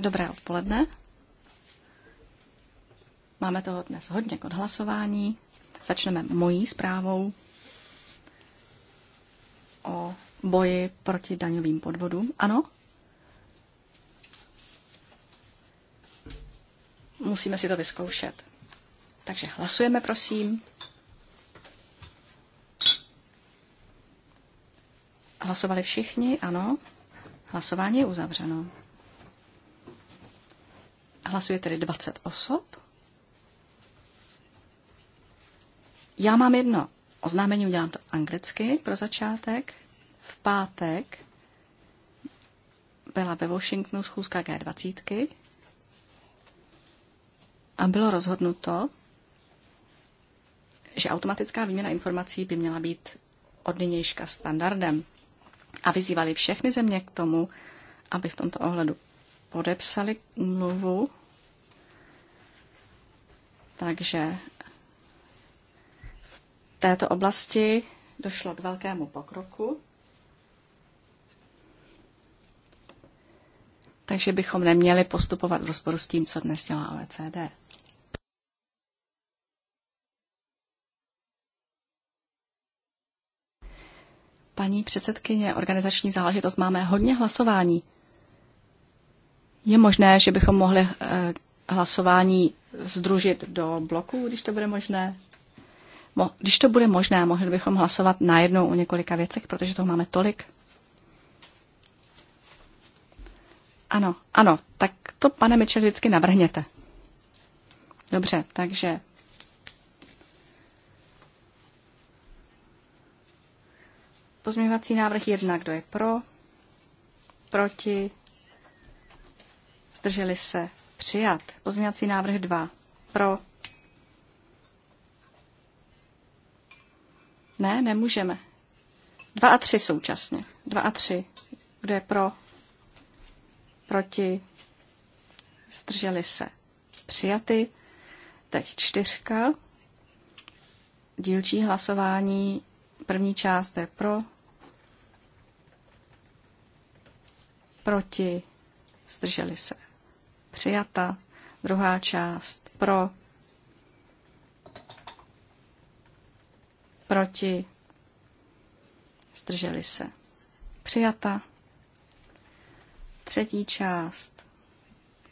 Dobré odpoledne. Máme toho dnes hodně k odhlasování. Začneme mojí zprávou o boji proti daňovým podvodům. Ano? Musíme si to vyzkoušet. Takže hlasujeme, prosím. Hlasovali všichni, ano. Hlasování je uzavřeno. Hlasuje tedy 20 osob. Já mám jedno oznámení, udělám to anglicky pro začátek. V pátek byla ve Washingtonu schůzka G20 a bylo rozhodnuto, že automatická výměna informací by měla být od nynějška standardem a vyzývali všechny země k tomu, aby v tomto ohledu podepsali mluvu. Takže v této oblasti došlo k velkému pokroku. Takže bychom neměli postupovat v rozporu s tím, co dnes dělá OECD. Paní předsedkyně, organizační záležitost máme hodně hlasování. Je možné, že bychom mohli eh, hlasování združit do bloků, když to bude možné? Když to bude možné, mohli bychom hlasovat najednou o několika věcech, protože toho máme tolik. Ano, ano, tak to, pane Mitchell, vždycky navrhněte. Dobře, takže Pozměňovací návrh 1, kdo je pro, proti, zdrželi se, přijat. Pozměňovací návrh 2, pro. Ne, nemůžeme. 2 a 3 současně. 2 a 3, kdo je pro, proti, zdrželi se, přijaty. Teď čtyřka, dílčí hlasování, první část je pro, proti, zdrželi se. Přijata. Druhá část pro, proti, zdrželi se. Přijata. Třetí část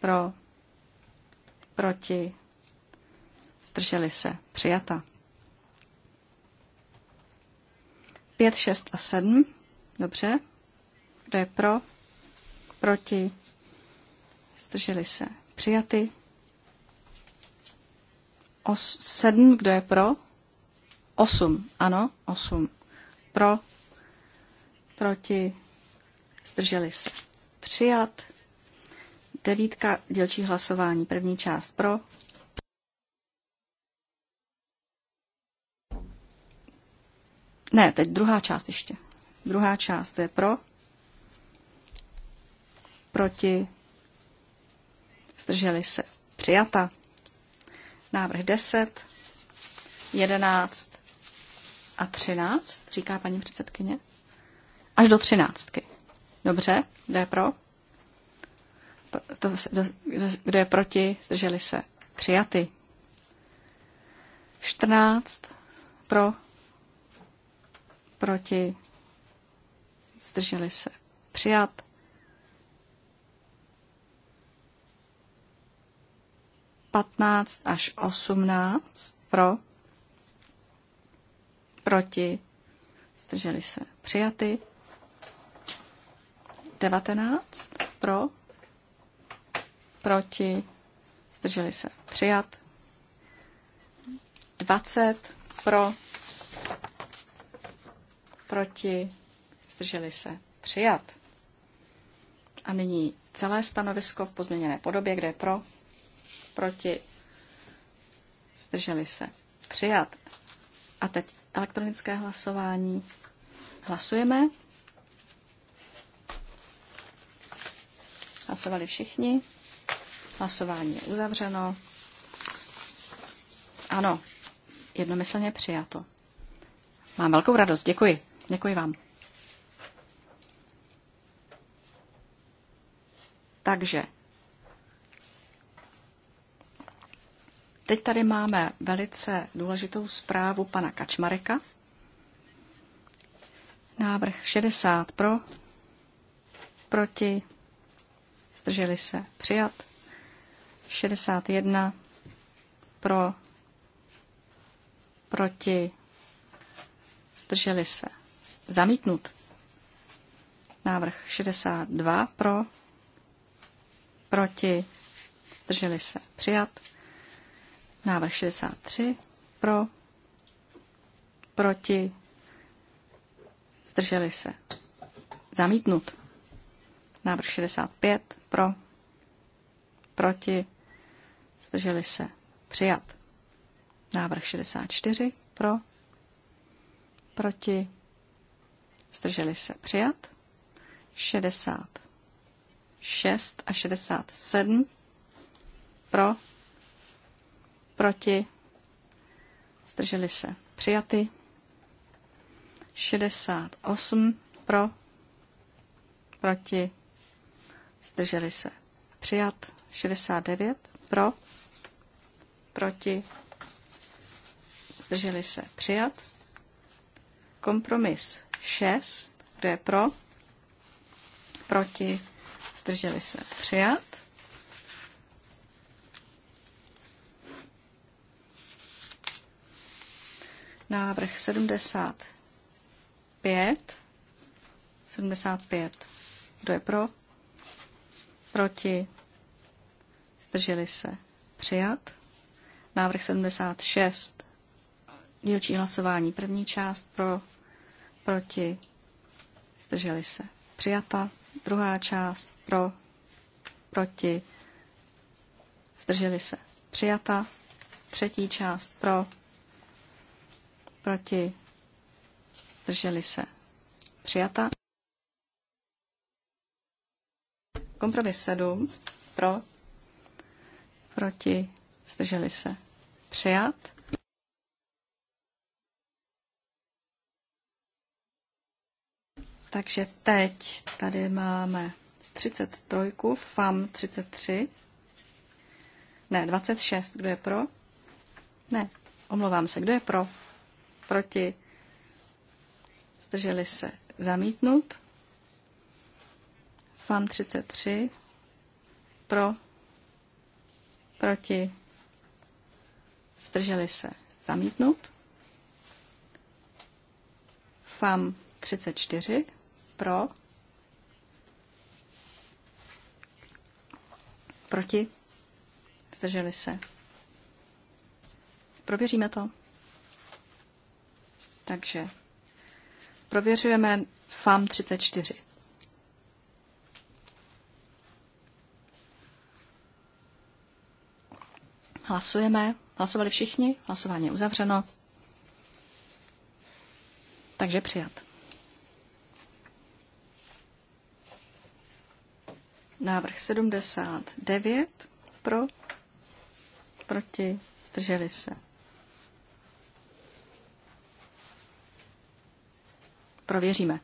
pro, proti, zdrželi se. Přijata. Pět, šest a sedm. Dobře. Kdo je pro? proti, zdrželi se přijaty. Os, sedm, kdo je pro? Osm, ano, osm. Pro, proti, zdrželi se přijat. Devítka dělčí hlasování, první část pro. Ne, teď druhá část ještě. Druhá část je pro proti, zdrželi se přijata. Návrh 10, 11 a 13, říká paní předsedkyně. Až do třináctky. Dobře, kdo je pro? Kdo je proti? Zdrželi se. Přijaty. 14 pro, proti, zdrželi se. Přijat. 15 až 18 pro, proti, zdrželi se přijaty, 19 pro, proti, zdrželi se přijat, 20 pro, proti, zdrželi se přijat. A nyní celé stanovisko v pozměněné podobě, kde je pro, proti, zdrželi se, přijat. A teď elektronické hlasování. Hlasujeme. Hlasovali všichni. Hlasování je uzavřeno. Ano, jednomyslně přijato. Mám velkou radost. Děkuji. Děkuji vám. Takže Teď tady máme velice důležitou zprávu pana Kačmareka. Návrh 60 pro, proti, zdrželi se přijat. 61 pro, proti, zdrželi se zamítnut. Návrh 62 pro, proti, zdrželi se přijat. Návrh 63 pro, proti, zdrželi se. Zamítnut. Návrh 65 pro, proti, zdrželi se. Přijat. Návrh 64 pro, proti, zdrželi se. Přijat. 66 a 67 pro, proti, zdrželi se přijaty, 68 pro, proti, zdrželi se přijat, 69 pro, proti, zdrželi se přijat, kompromis 6, kde je pro, proti, zdrželi se přijat, Návrh 75. 75. Kdo je pro? Proti? Zdrželi se? Přijat. Návrh 76. Dílčí hlasování. První část pro, proti, zdrželi se. Přijata. Druhá část pro, proti, zdrželi se. Přijata. Třetí část pro, proti, Drželi se, přijata. Kompromis 7, pro, proti, zdrželi se, přijat. Takže teď tady máme 33, FAM 33, ne, 26, kdo je pro? Ne, omlouvám se, kdo je pro? proti, zdrželi se zamítnut. FAM 33 pro, proti, zdrželi se zamítnut. FAM 34 pro, proti, zdrželi se. Prověříme to. Takže prověřujeme FAM 34. Hlasujeme. Hlasovali všichni. Hlasování je uzavřeno. Takže přijat. Návrh 79 pro, proti, zdrželi se prověříme.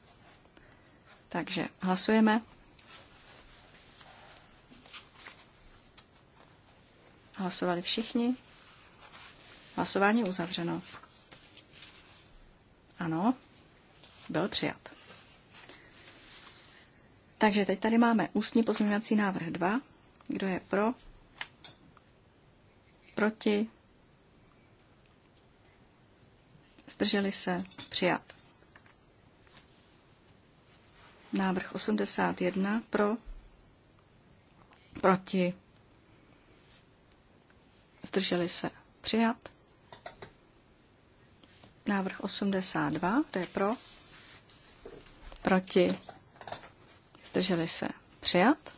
Takže hlasujeme. Hlasovali všichni. Hlasování uzavřeno. Ano, byl přijat. Takže teď tady máme ústní pozměňovací návrh 2. Kdo je pro? Proti? Zdrželi se? Přijat. Návrh 81 pro, proti, zdrželi se přijat. Návrh 82, to je pro, proti, zdrželi se přijat.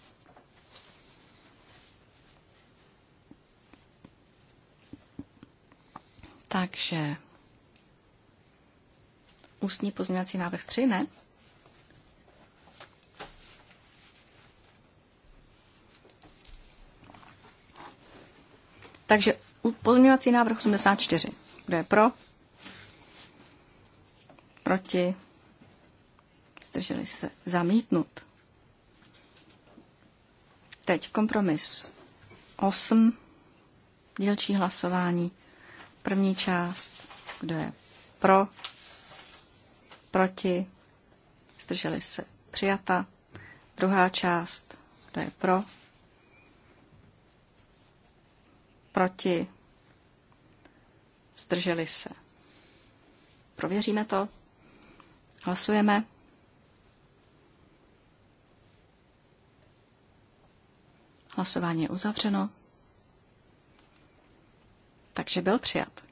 Takže ústní pozměňovací návrh 3, ne? Takže pozměňovací návrh 84. Kdo je pro? Proti? Zdrželi se. Zamítnut. Teď kompromis 8. Dílčí hlasování. První část. Kdo je pro? Proti? Zdrželi se. Přijata. Druhá část. Kdo je pro? Proti? Zdrželi se. Prověříme to. Hlasujeme. Hlasování je uzavřeno. Takže byl přijat.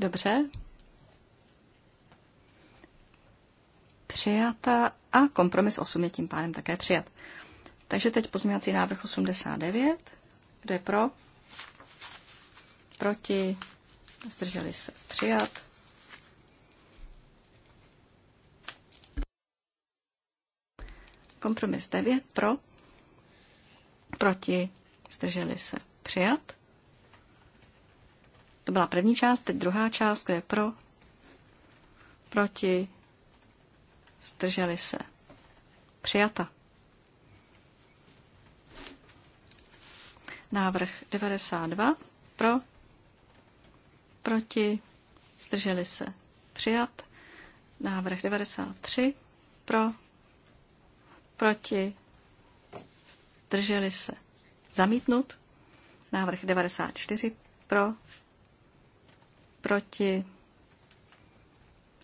Dobře. Přijata a kompromis 8 je tím pádem také přijat. Takže teď pozměňovací návrh 89. Kdo je pro? Proti? Zdrželi se přijat. Kompromis 9 pro, proti, zdrželi se přijat. To byla první část, teď druhá část, kde je pro, proti, zdrželi se. Přijata. Návrh 92 pro, proti, zdrželi se. Přijat. Návrh 93 pro, proti, zdrželi se. Zamítnut. Návrh 94 pro, Proti?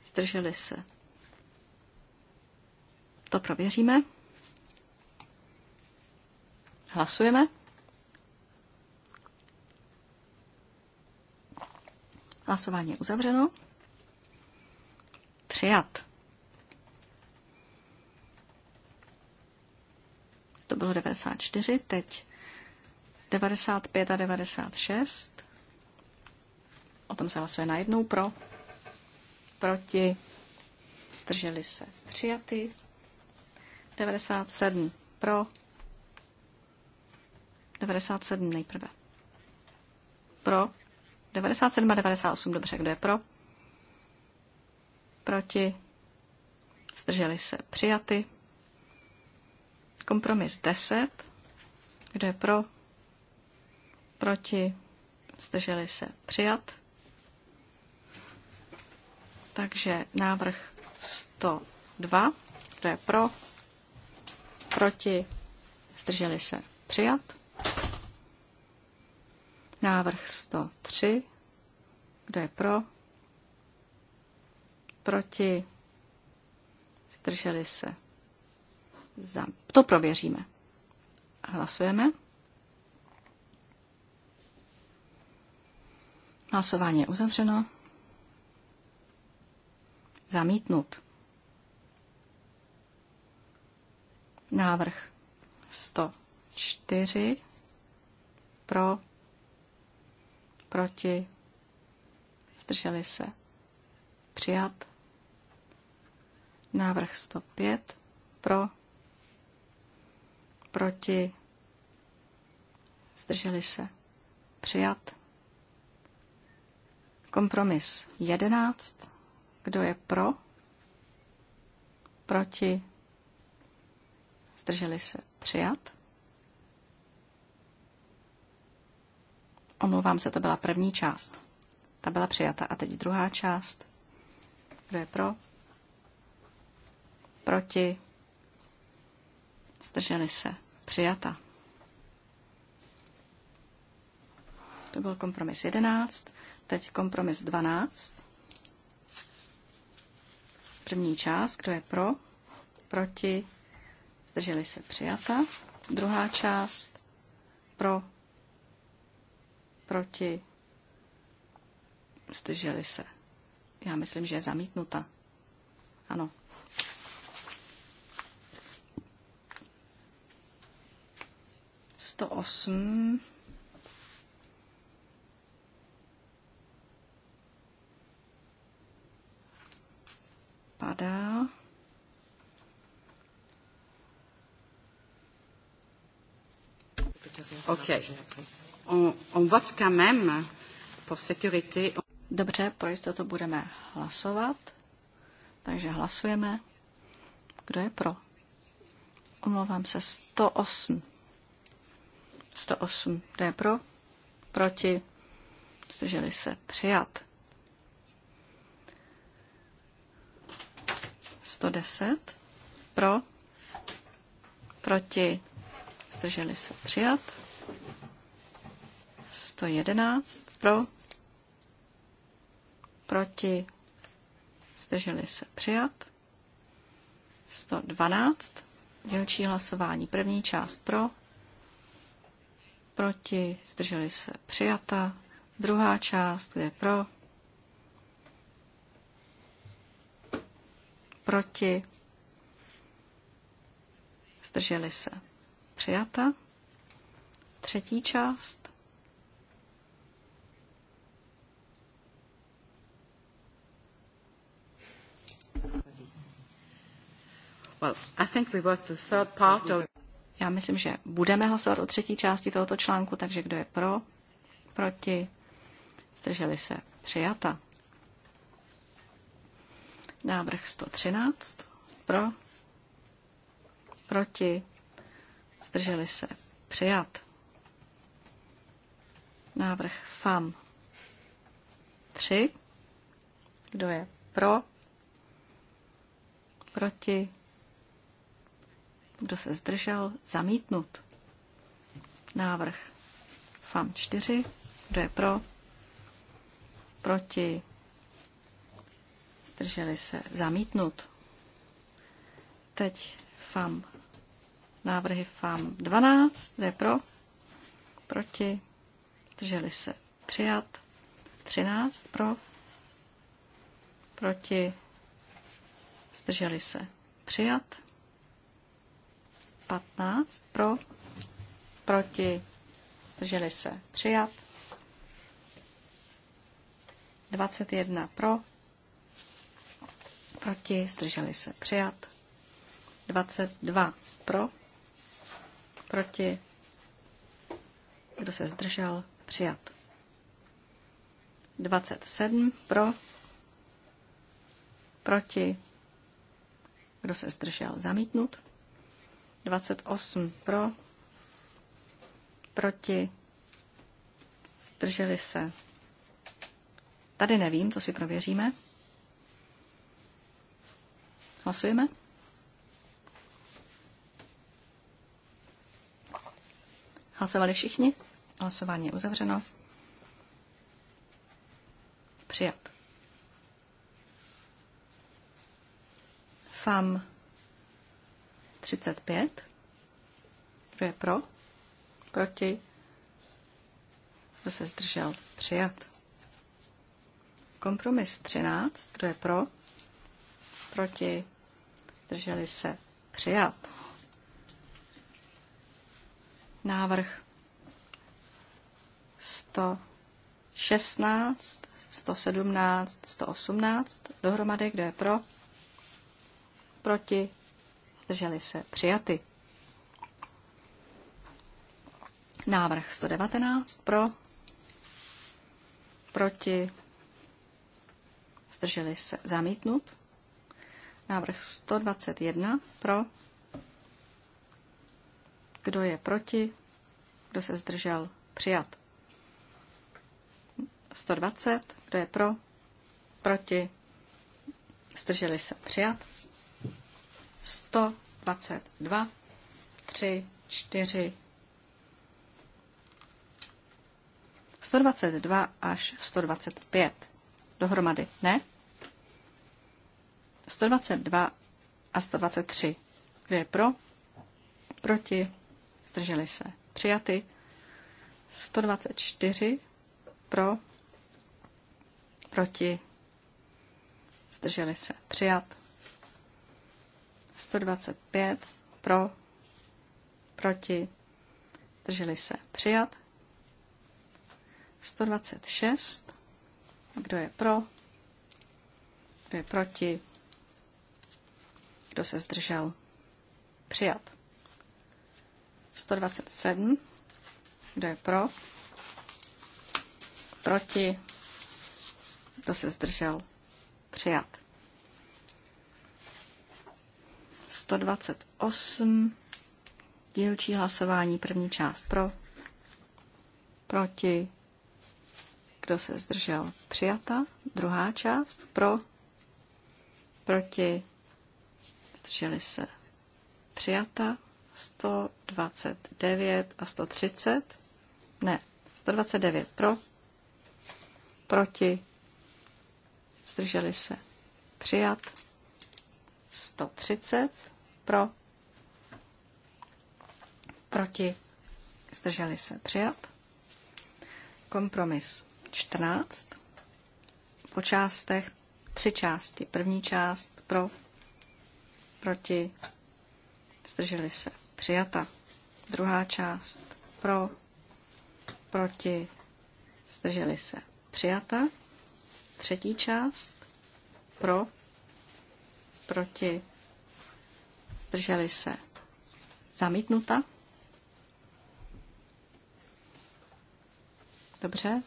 Zdrželi se. To prověříme. Hlasujeme. Hlasování je uzavřeno. Přijat. To bylo 94, teď 95 a 96. O tom se hlasuje najednou pro, proti, zdrželi se přijaty. 97 pro, 97 nejprve. Pro, 97 a 98, dobře, kdo je pro? Proti, zdrželi se přijaty. Kompromis 10, kdo je pro? Proti, zdrželi se přijat. Takže návrh 102, kdo je pro, proti, zdrželi se, přijat. Návrh 103, kdo je pro, proti, zdrželi se, za. To prověříme. Hlasujeme. Hlasování je uzavřeno. Zamítnut. Návrh 104 pro, proti, zdrželi se, přijat. Návrh 105 pro, proti, zdrželi se, přijat. Kompromis 11 kdo je pro? Proti? Zdrželi se přijat? Omlouvám se, to byla první část. Ta byla přijata. A teď druhá část. Kdo je pro? Proti? Zdrželi se. Přijata. To byl kompromis 11, teď kompromis 12. První část, kdo je pro, proti, zdrželi se přijata. Druhá část, pro, proti, zdrželi se. Já myslím, že je zamítnuta. Ano. Sto osm. padá. OK. On, on même pour sécurité. Dobře, pro jistotu budeme hlasovat. Takže hlasujeme. Kdo je pro? Omlouvám se, 108. 108. Kdo je pro? Proti? Zdrželi se. Přijat. 110 pro, proti, zdrželi se přijat. 111 pro, proti, zdrželi se přijat. 112, dělčí hlasování, první část pro, proti, zdrželi se přijata. Druhá část, kde pro, proti, zdrželi se. Přijata. Třetí část. Well, I think we the third part of... Já myslím, že budeme hlasovat o třetí části tohoto článku, takže kdo je pro, proti, zdrželi se, přijata. Návrh 113. Pro. Proti. Zdrželi se. Přijat. Návrh FAM 3. Kdo je pro? Proti? Kdo se zdržel? Zamítnut. Návrh FAM 4. Kdo je pro? Proti? zdrželi se, zamítnut. Teď FAM, návrhy FAM 12, jde pro, proti, zdrželi se, přijat, 13 pro, proti, zdrželi se, přijat, 15 pro, proti, zdrželi se, přijat, 21 pro, proti, zdrželi se přijat. 22 pro, proti, kdo se zdržel, přijat. 27 pro, proti, kdo se zdržel, zamítnut. 28 pro, proti, zdrželi se. Tady nevím, to si prověříme. Hlasujeme. Hlasovali všichni? Hlasování je uzavřeno. Přijat. FAM 35. Kdo je pro? Proti? Kdo se zdržel? Přijat. Kompromis 13. Kdo je pro? Proti? zdrželi se, přijat. Návrh 116, 117, 118 dohromady, kdo je pro, proti, zdrželi se, přijaty. Návrh 119 pro, proti, zdrželi se, zamítnut. Návrh 121 pro. Kdo je proti? Kdo se zdržel? Přijat. 120. Kdo je pro? Proti? Zdrželi se? Přijat. 122. 3, 4, 122 až 125. Dohromady ne? 122 a 123. Kdo je pro? Proti? Zdrželi se. Přijaty. 124 pro, proti, zdrželi se. Přijat. 125 pro, proti, zdrželi se. Přijat. 126. Kdo je pro? Kdo je proti? Kdo se zdržel? Přijat. 127. Kdo je pro? Proti? Kdo se zdržel? Přijat. 128. Dílčí hlasování, první část pro. Proti? Kdo se zdržel? Přijata. Druhá část pro. Proti? zdrželi se přijata, 129 a 130, ne, 129 pro, proti, zdrželi se přijat, 130 pro, proti, zdrželi se přijat, kompromis 14, po částech tři části, první část pro, proti, zdrželi se, přijata. Druhá část, pro, proti, zdrželi se, přijata. Třetí část, pro, proti, zdrželi se, zamítnuta. Dobře,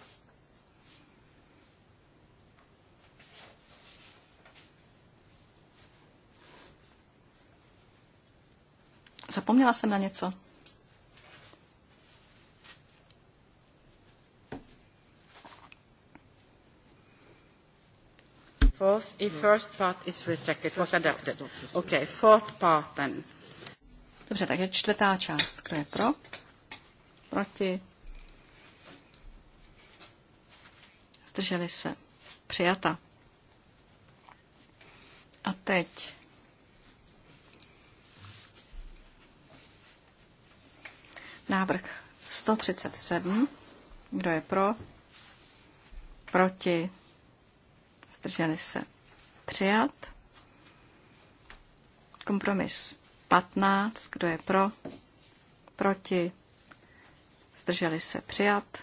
Zapomněla jsem na něco? Fourth If first part is rejected, was adapted. Okay, fourth part then. Dobře, takže čtvrtá část. Kdo je pro? Proti? Zdrželi se. Přijata. A teď Návrh 137. Kdo je pro? Proti? Zdrželi se? Přijat. Kompromis 15. Kdo je pro? Proti? Zdrželi se? Přijat.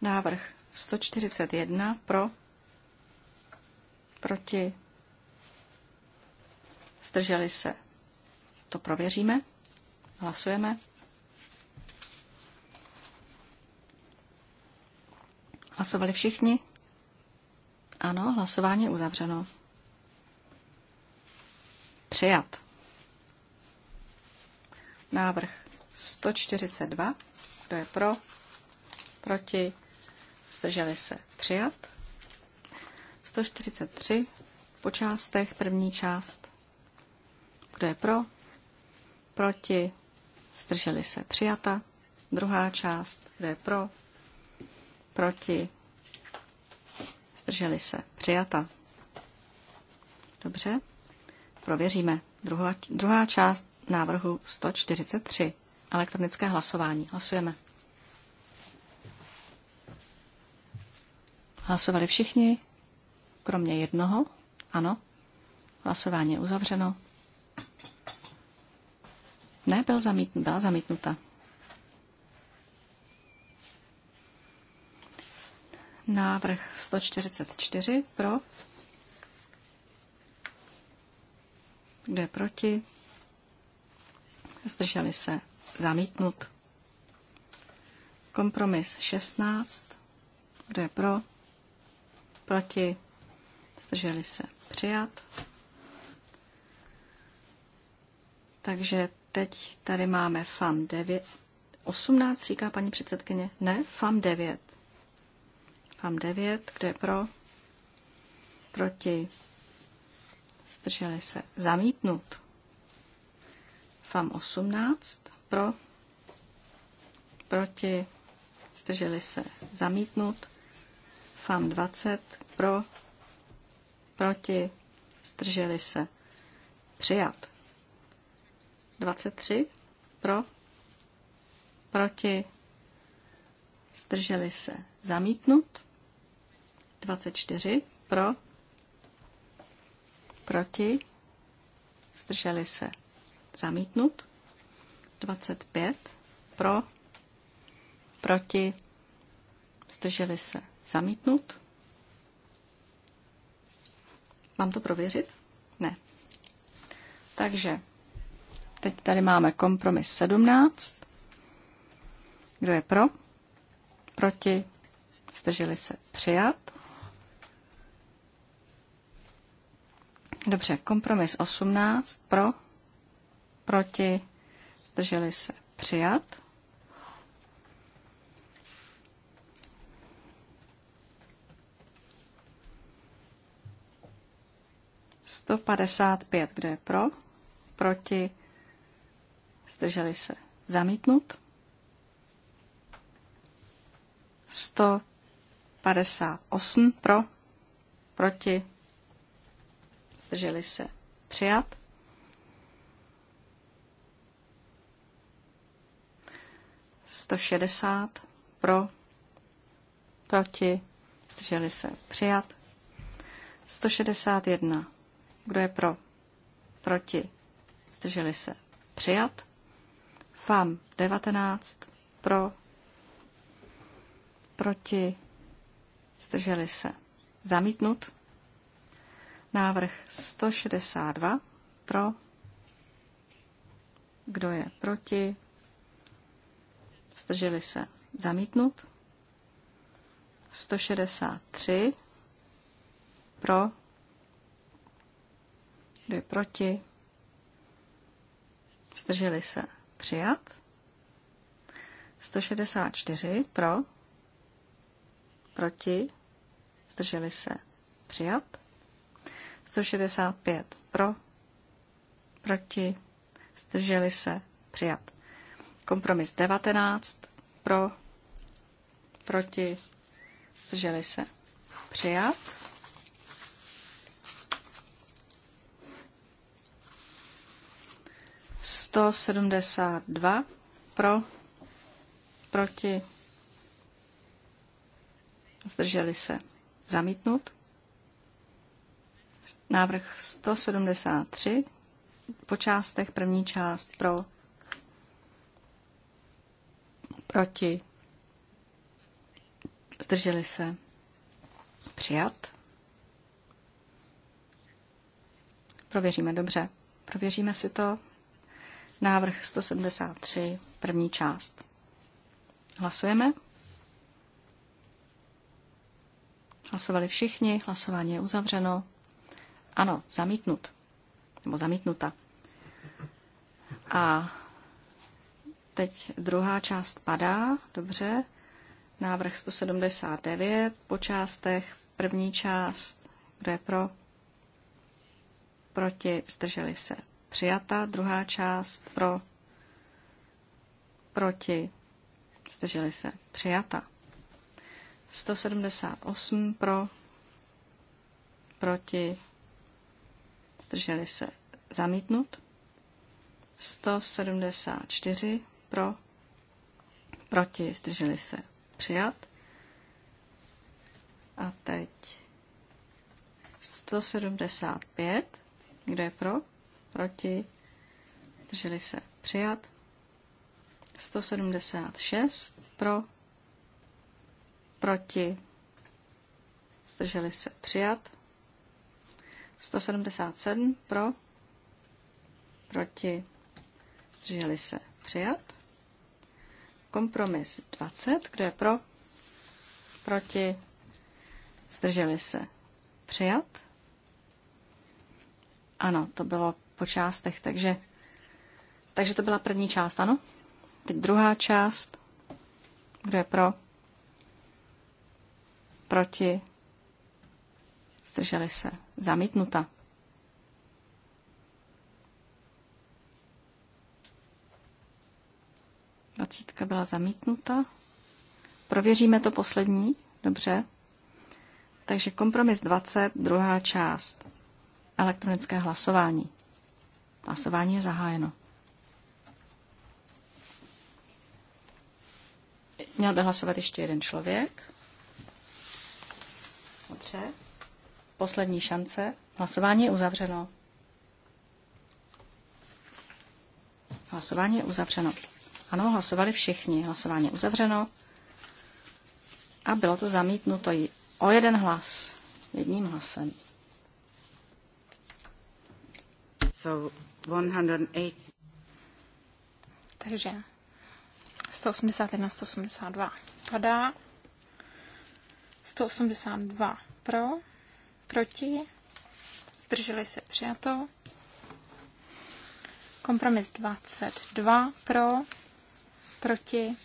Návrh 141 pro, proti Zdrželi se. To prověříme. Hlasujeme. Hlasovali všichni? Ano, hlasování je uzavřeno. Přijat. Návrh 142. Kdo je pro? Proti? Zdrželi se? Přijat. 143. Po částech. První část. Kdo je pro? Proti? Zdrželi se přijata. Druhá část. Kdo je pro? Proti? Zdrželi se přijata. Dobře. Prověříme. Druhá, druhá část návrhu 143. Elektronické hlasování. Hlasujeme. Hlasovali všichni, kromě jednoho. Ano. Hlasování je uzavřeno. Ne, byl zamítnut, byla zamítnuta. Návrh 144 pro. Kde je proti? Zdrželi se. Zamítnut. Kompromis 16. Kde je pro? Proti? Zdrželi se. Přijat. Takže teď tady máme FAM 9. 18 říká paní předsedkyně. Ne, FAM 9. FAM 9, kde je pro? Proti. Zdrželi se. Zamítnut. FAM 18. Pro. Proti. Zdrželi se. Zamítnut. FAM 20. Pro. Proti. Zdrželi se. Přijat. 23 pro, proti, zdrželi se zamítnut, 24 pro, proti, zdrželi se zamítnut, 25 pro, proti, zdrželi se zamítnut. Mám to prověřit? Ne. Takže Teď tady máme kompromis 17. Kdo je pro? Proti? Zdrželi se přijat. Dobře, kompromis 18. Pro? Proti? Zdrželi se přijat. Sto padesát pět, kdo je pro? Proti? zdrželi se zamítnut. 158 pro, proti, zdrželi se přijat. Sto šedesát pro, proti, zdrželi se přijat. Sto šedesát jedna. Kdo je pro? Proti, zdrželi se přijat. FAM 19 pro, proti, zdrželi se. Zamítnut. Návrh 162 pro, kdo je proti, zdrželi se. Zamítnut. 163 pro, kdo je proti, zdrželi se. Přijat. 164 pro. Proti. Zdrželi se. Přijat. 165 pro. Proti. Zdrželi se. Přijat. Kompromis 19 pro. Proti. Zdrželi se. Přijat. 172 pro, proti, zdrželi se zamítnut. Návrh 173 po částech první část pro, proti, zdrželi se přijat. Prověříme dobře. Prověříme si to. Návrh 173, první část. Hlasujeme. Hlasovali všichni, hlasování je uzavřeno. Ano, zamítnut. Nebo zamítnuta. A teď druhá část padá, dobře. Návrh 179 po částech. První část, kdo je pro? Proti, zdrželi se přijata, druhá část pro, proti, zdrželi se, přijata. 178 pro, proti, zdrželi se, zamítnut. 174 pro, proti, zdrželi se, přijat. A teď 175, kde je pro? proti, drželi se přijat. 176 pro, proti, zdrželi se přijat. 177 pro, proti, zdrželi se přijat. Kompromis 20, kdo je pro, proti, zdrželi se přijat. Ano, to bylo po částech, takže, takže to byla první část, ano? Teď druhá část. Kdo je pro? Proti? Zdrželi se. Zamítnuta. Dvacítka byla zamítnuta. Prověříme to poslední. Dobře. Takže kompromis 20, druhá část. Elektronické hlasování. Hlasování je zahájeno. Měl by hlasovat ještě jeden člověk. Dobře. Poslední šance. Hlasování je uzavřeno. Hlasování je uzavřeno. Ano, hlasovali všichni. Hlasování je uzavřeno. A bylo to zamítnuto i o jeden hlas. Jedním hlasem. So takže 181, 182 padá. 182 pro, proti, zdrželi se přijato. Kompromis 22 pro, proti,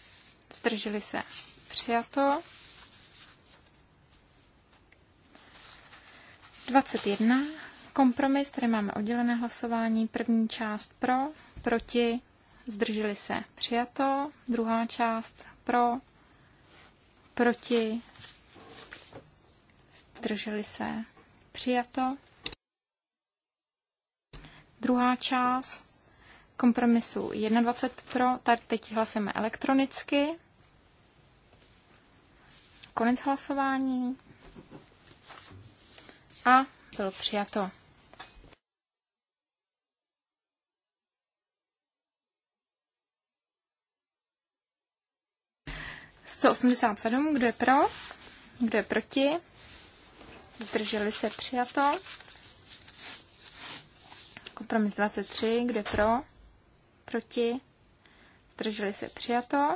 zdrželi se přijato. 21 Kompromis, tady máme oddělené hlasování. První část pro, proti, zdrželi se přijato. Druhá část pro, proti, zdrželi se přijato. Druhá část kompromisu 21 pro, tady teď hlasujeme elektronicky. Konec hlasování. A bylo přijato. 187, kdo je pro? Kdo je proti? Zdrželi se přijato. Kompromis 23, kdo je pro? Proti? Zdrželi se přijato.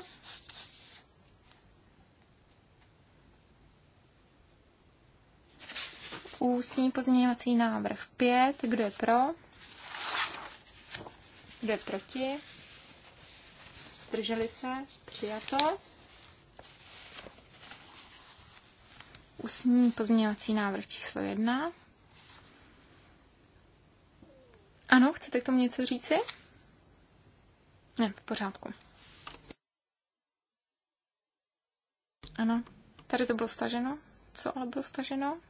Ústní pozměňovací návrh 5, kdo je pro? Kdo je proti? Zdrželi se přijato. ústní pozměňovací návrh číslo jedna. Ano, chcete k tomu něco říci? Ne, v pořádku. Ano, tady to bylo staženo. Co ale bylo staženo?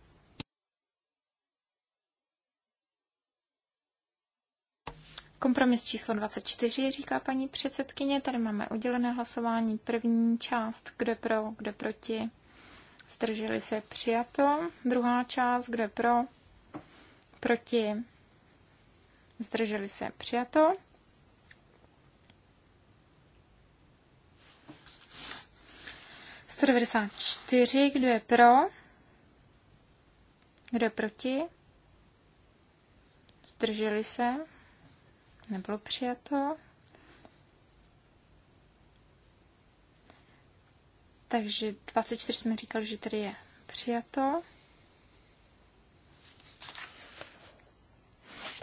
Kompromis číslo 24, říká paní předsedkyně. Tady máme udělené hlasování. První část, kdo pro, kdo proti, Zdrželi se přijato. Druhá část, kdo je pro? Proti? Zdrželi se přijato. devadesát čtyři, kdo je pro? Kdo je proti? Zdrželi se? Nebylo přijato. Takže 24 jsme říkali, že tady je přijato.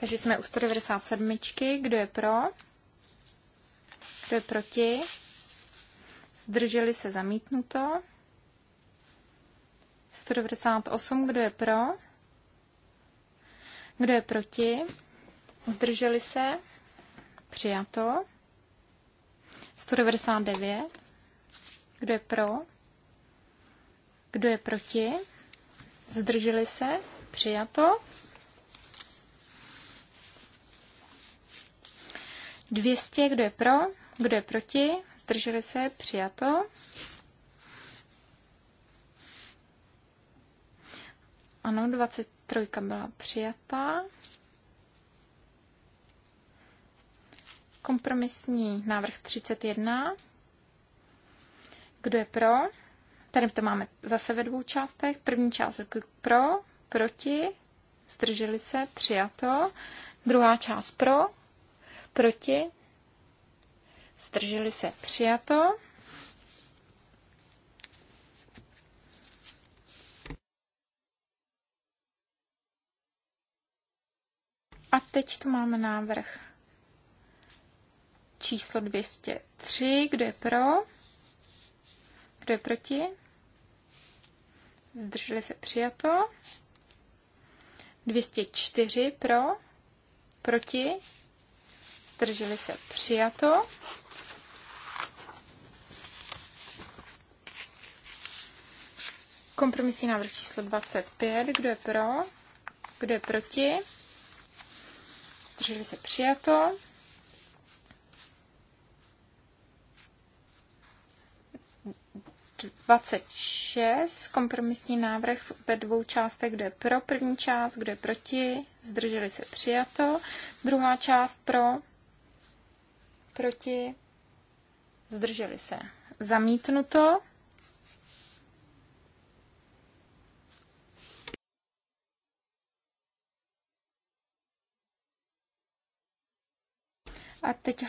Takže jsme u 197. Kdo je pro? Kdo je proti? Zdrželi se zamítnuto. 198. Kdo je pro? Kdo je proti? Zdrželi se? Přijato. 199. Kdo je pro? Kdo je proti? Zdrželi se? Přijato. Dvěstě, kdo je pro, kdo je proti, zdrželi se, přijato. Ano, 23 byla přijatá. Kompromisní návrh 31. Kdo je pro? Tady to máme zase ve dvou částech. První část pro, proti, zdrželi se, přijato. Druhá část pro, proti, zdrželi se, přijato. A teď tu máme návrh číslo 203. Kdo je pro? Kdo je proti? Zdrželi se přijato. 204 pro, proti, zdrželi se přijato. Kompromisní návrh číslo 25, kdo je pro, kdo je proti, zdrželi se přijato. 26, kompromisní návrh ve dvou částech, kde je pro první část, kde je proti, zdrželi se přijato. Druhá část pro, proti, zdrželi se zamítnuto. A teď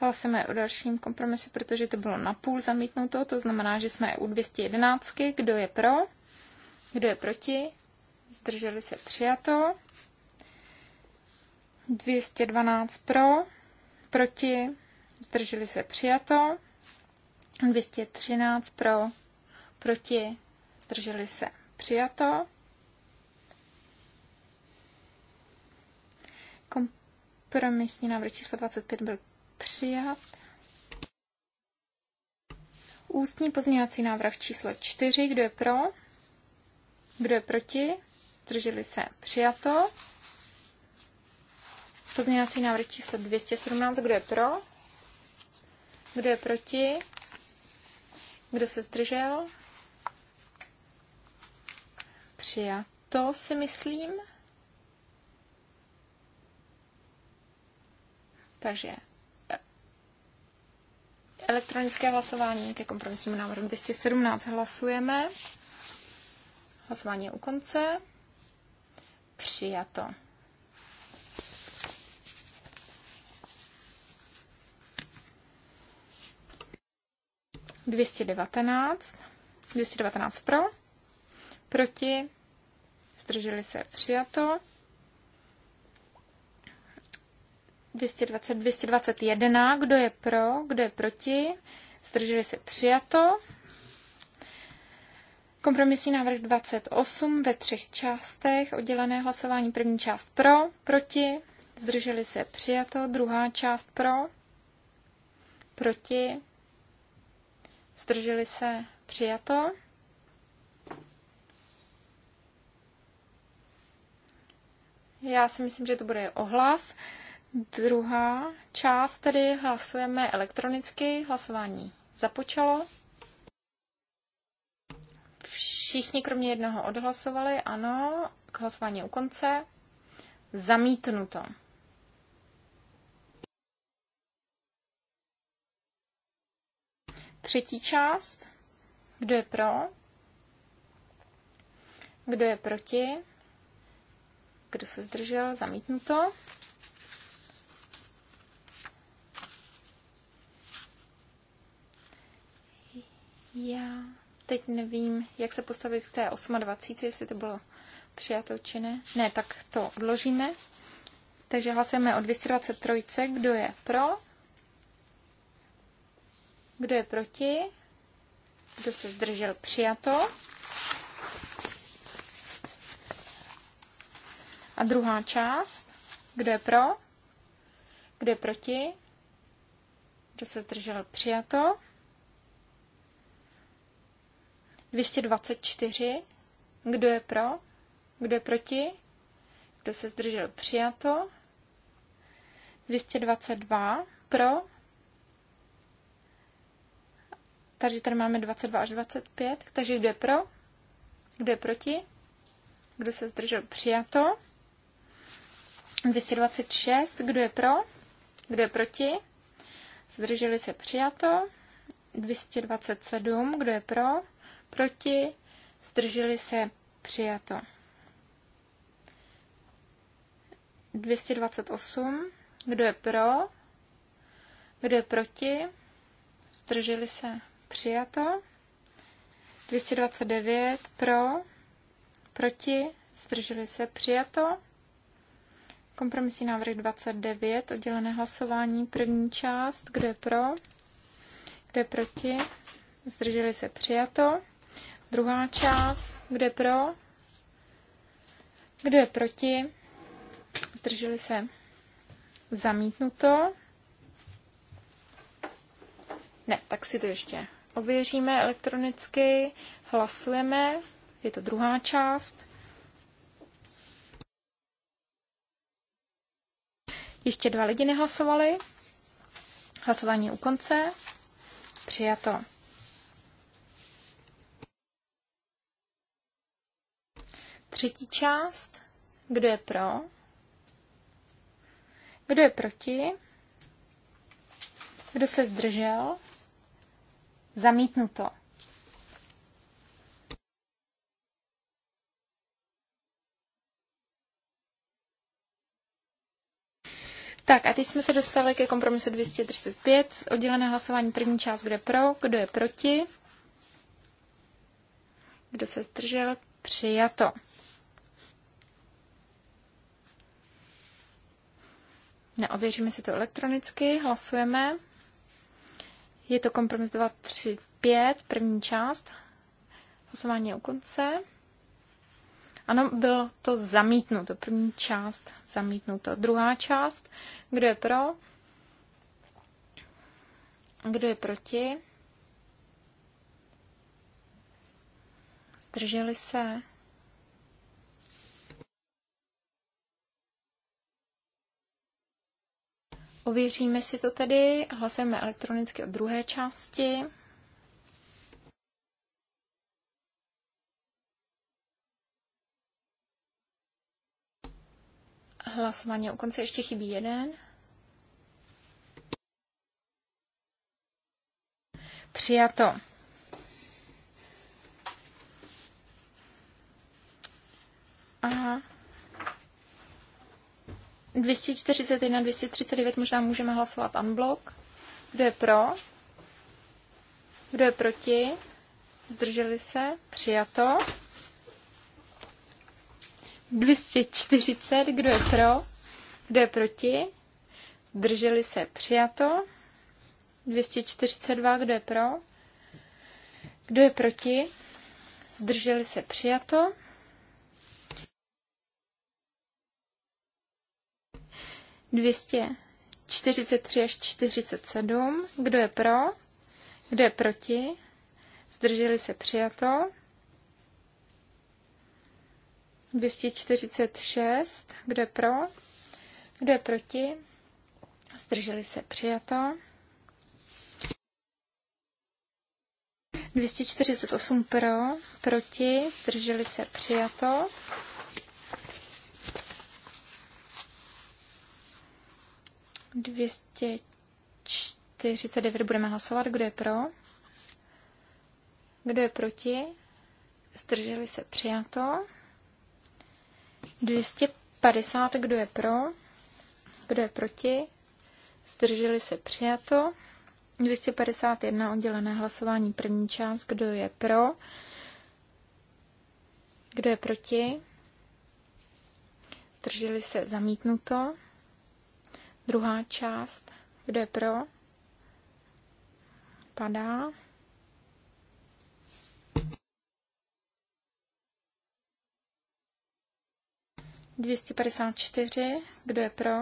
hlasujeme o dalším kompromisu, protože to bylo napůl zamítnuto, to znamená, že jsme u 211. Kdo je pro? Kdo je proti? Zdrželi se přijato. 212 pro, proti, zdrželi se přijato. 213 pro, proti, zdrželi se přijato. Kompromisní návrh číslo 25 byl přijat. Ústní pozměňovací návrh číslo 4. Kdo je pro? Kdo je proti? Drželi se přijato. Pozměňovací návrh číslo 217. Kdo je pro? Kdo je proti? Kdo se zdržel? Přijato si myslím. Takže Elektronické hlasování ke kompromisnímu návrhu 217 hlasujeme. Hlasování je u konce. Přijato. Dvěstě devatenáct. 219 pro, proti, zdrželi se přijato, 220, 221, kdo je pro, kdo je proti, zdrželi se přijato. Kompromisní návrh 28 ve třech částech, oddělené hlasování, první část pro, proti, zdrželi se přijato, druhá část pro, proti, zdrželi se přijato. Já si myslím, že to bude ohlas. Druhá část tedy hlasujeme elektronicky. Hlasování započalo. Všichni kromě jednoho odhlasovali, ano, k hlasování u konce. Zamítnuto. Třetí část. Kdo je pro? Kdo je proti? Kdo se zdržel? Zamítnuto. Já teď nevím, jak se postavit k té 28, jestli to bylo přijato či ne. Ne, tak to odložíme. Takže hlasujeme o 223. Kdo je pro? Kdo je proti? Kdo se zdržel? Přijato. A druhá část. Kdo je pro? Kdo je proti? Kdo se zdržel? Přijato. 224. Kdo je pro? Kdo je proti? Kdo se zdržel? Přijato. 222 pro. Takže tady máme 22 až 25. Takže kdo je pro? Kdo je proti? Kdo se zdržel? Přijato. 226. Kdo je pro? Kdo je proti? Zdrželi se přijato. 227. Kdo je pro? proti, zdrželi se, přijato. 228, kdo je pro, kdo je proti, zdrželi se, přijato. 229 pro, proti, zdrželi se, přijato. Kompromisní návrh 29, oddělené hlasování, první část, kdo je pro, kdo je proti, zdrželi se, přijato. Druhá část, kde pro, kde proti, zdrželi se zamítnuto. Ne, tak si to ještě ověříme elektronicky, hlasujeme, je to druhá část. Ještě dva lidi nehlasovali. Hlasování u konce. Přijato. třetí část. Kdo je pro? Kdo je proti? Kdo se zdržel? Zamítnuto. Tak a teď jsme se dostali ke kompromisu 235. Oddělené hlasování první část, kdo je pro, kdo je proti, kdo se zdržel, přijato. Neověříme si to elektronicky, hlasujeme. Je to kompromis 2, 3, 5, první část. Hlasování je u konce. Ano, bylo to zamítnuto. První část zamítnuto. Druhá část. Kdo je pro? Kdo je proti? Zdrželi se? Ověříme si to tedy, hlasujeme elektronicky o druhé části. Hlasování u konce ještě chybí jeden. Přijato. Aha. 241, 239 možná můžeme hlasovat unblock. Kdo je pro? Kdo je proti? Zdrželi se? Přijato. 240, kdo je pro? Kdo je proti? Zdrželi se? Přijato. 242, kdo je pro? Kdo je proti? Zdrželi se? Přijato. 243 až 47. Kdo je pro? Kdo je proti? Zdrželi se přijato. 246. Kdo je pro? Kdo je proti? Zdrželi se přijato. 248 pro, proti, zdrželi se přijato. 249 budeme hlasovat. Kdo je pro? Kdo je proti? Zdrželi se přijato. 250, kdo je pro? Kdo je proti? Zdrželi se přijato. 251 oddělené hlasování první část. Kdo je pro? Kdo je proti? Zdrželi se zamítnuto. Druhá část, kde pro, padá. Dvěstě padesát čtyři, kdo je pro,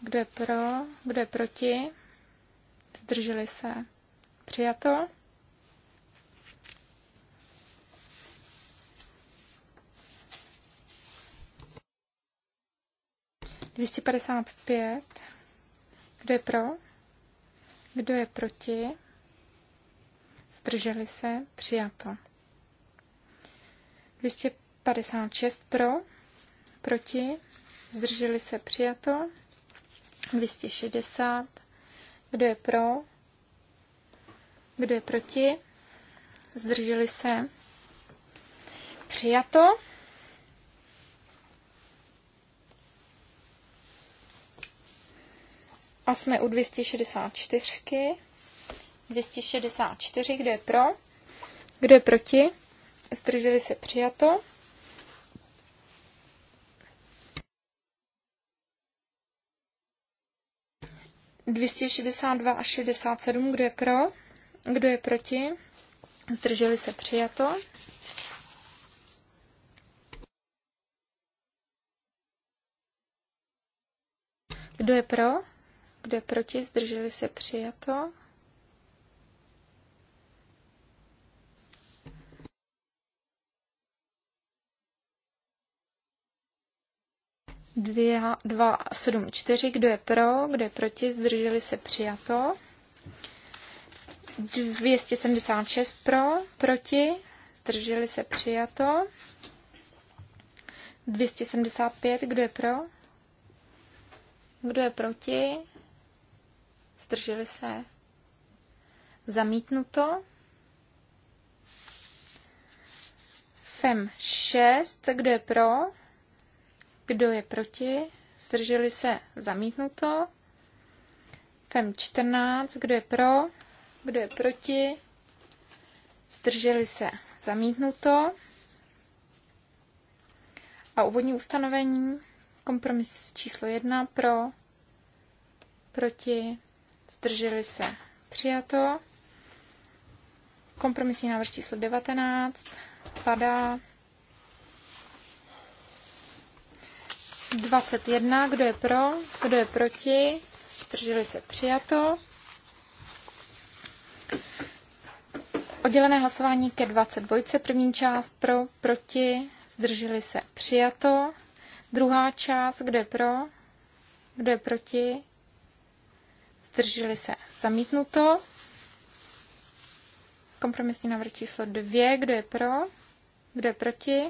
kdo je pro, kdo je proti, zdrželi se. Přijato. 255. Kdo je pro? Kdo je proti? Zdrželi se? Přijato. 256 pro, proti, zdrželi se přijato. 260. Kdo je pro? Kdo je proti? Zdrželi se. Přijato. A jsme u 264. 264, kdo je pro? Kdo je proti? Zdrželi se přijato. Dvěstě šedesát dva a šedesát sedm, kdo je pro? Kdo je proti? Zdrželi se přijato. Kdo je pro? Kdo je proti? Zdrželi se přijato. Dvě, dva, sedm, čtyři. Kdo je pro? Kdo je proti? Zdrželi se přijato. 276 pro, proti, zdrželi se přijato. 275, kdo je pro? Kdo je proti? zdrželi se, zamítnuto. FEM 6, kdo je pro, kdo je proti, zdrželi se, zamítnuto. FEM 14, kdo je pro, kdo je proti, zdrželi se, zamítnuto. A úvodní ustanovení, kompromis číslo 1 pro, proti, zdrželi se, přijato. Kompromisní návrh číslo 19 padá. 21, kdo je pro, kdo je proti, zdrželi se, přijato. Oddělené hlasování ke 22. První část pro, proti, zdrželi se, přijato. Druhá část, kdo je pro, kdo je proti, zdrželi se zamítnuto. Kompromisní návrh číslo dvě kdo je pro, kdo je proti,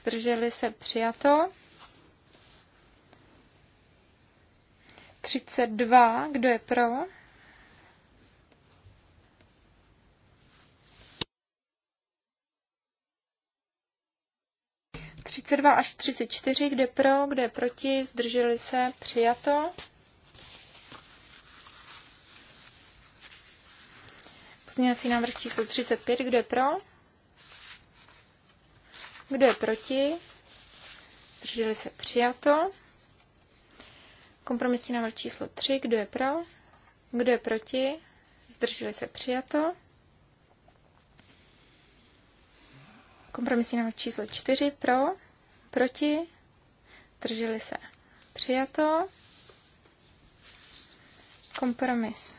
zdrželi se přijato. 32, kdo je pro? Třicet dva až třicet čtyři, kde pro, kde proti, zdrželi se, přijato. Pozměňovací návrh číslo 35. Kdo je pro? Kdo je proti? Drželi se přijato. Kompromisní návrh číslo 3. Kdo je pro? Kdo je proti? Zdrželi se přijato. Kompromisní návrh číslo 4. Pro? Proti? Zdrželi se přijato. Kompromis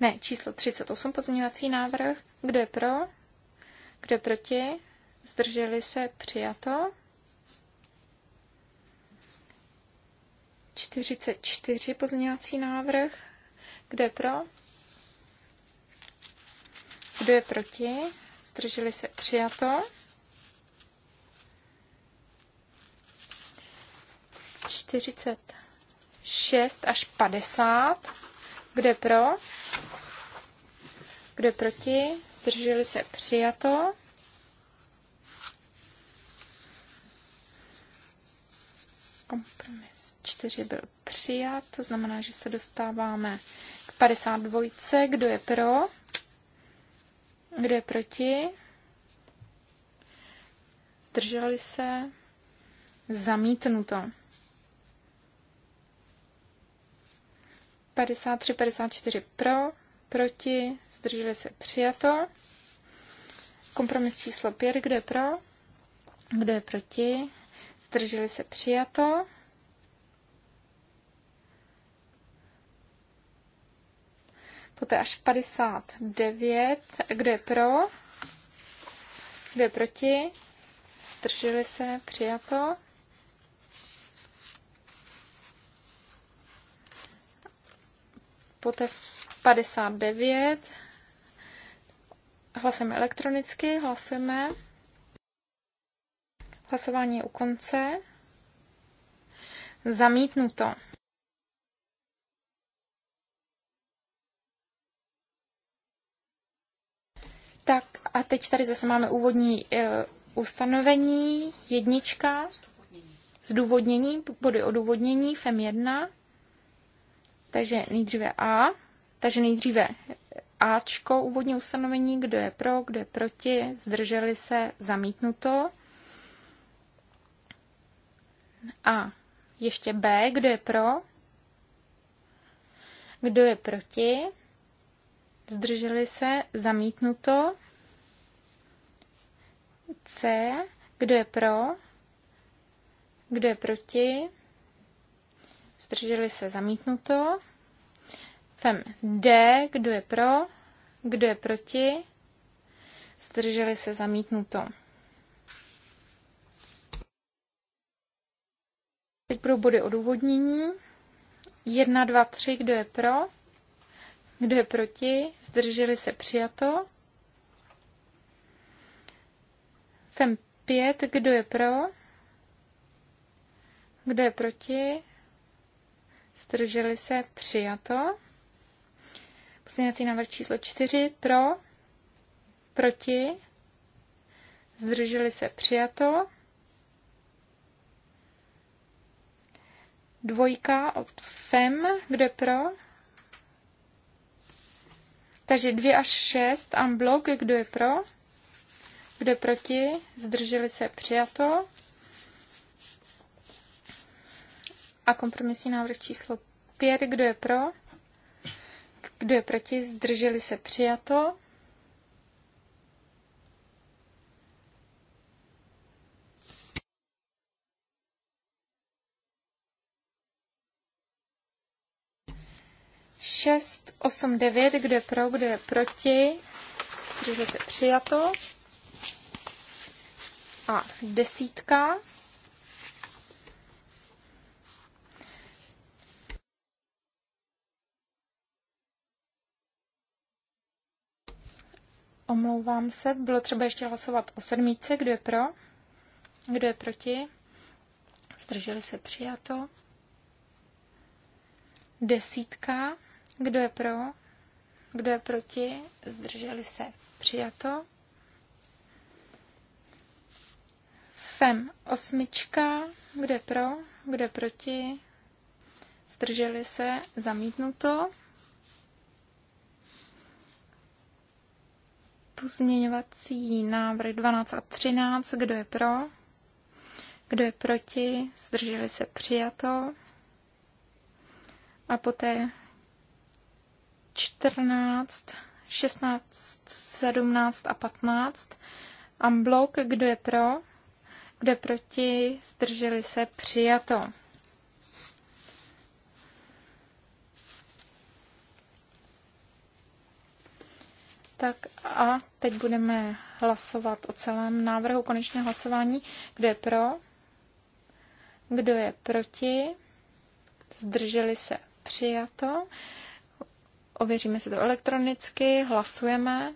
ne, číslo 38 pozměňovací návrh. Kdo je pro? Kdo je proti? Zdrželi se přijato. 44 pozměňovací návrh. Kdo je pro? Kdo je proti? Zdrželi se přijato. 46 až 50. Kde pro? Kde proti? Zdrželi se přijato. Kompromis 4 byl přijat, to znamená, že se dostáváme k 52. Kdo je pro? Kdo je proti? Zdrželi se? Zamítnuto. 53, 54 pro, proti, zdrželi se přijato. Kompromis číslo 5, kdo je pro, kdo je proti, zdrželi se přijato. Poté až 59, kdo je pro, kdo je proti, zdrželi se přijato. poté 59. Hlasujeme elektronicky, hlasujeme. Hlasování je u konce. Zamítnuto. Tak a teď tady zase máme úvodní e, ustanovení, jednička, zdůvodnění, body odůvodnění, FEM 1. Takže nejdříve A, takže nejdříve Ačko, úvodní ustanovení, kdo je pro, kdo je proti, zdrželi se, zamítnuto. A ještě B, kdo je pro, kdo je proti, zdrželi se, zamítnuto. C, kdo je pro, kdo je proti, zdrželi se zamítnuto. Fem D, kdo je pro, kdo je proti, zdrželi se zamítnuto. Teď budou body odůvodnění. 1, 2, 3, kdo je pro, kdo je proti, zdrželi se přijato. FEM 5, kdo je pro, kdo je proti, Zdrželi se přijato. Pozměňovací návrh číslo 4 pro, proti, zdrželi se přijato. Dvojka od FEM, kde pro. Takže 2 až 6 amblok, kdo je pro, kdo je proti, zdrželi se přijato. a kompromisní návrh číslo 5. Kdo je pro? Kdo je proti? Zdrželi se přijato. Šest, osm, devět, kdo je pro, kdo je proti, zdrželi se přijato. A desítka. Omlouvám se, bylo třeba ještě hlasovat o sedmíce. Kdo je pro? Kdo je proti? Zdrželi se přijato. Desítka. Kdo je pro? Kdo je proti? Zdrželi se přijato. FEM osmička. Kdo je pro? Kdo je proti? Zdrželi se zamítnuto. Pozměňovací návrh 12 a 13. Kdo je pro? Kdo je proti? Zdrželi se přijato. A poté 14, 16, 17 a 15. Amblok, kdo je pro? Kdo je proti? Zdrželi se přijato. Tak a teď budeme hlasovat o celém návrhu konečné hlasování. Kdo je pro? Kdo je proti? Zdrželi se přijato. Ověříme si to elektronicky, hlasujeme.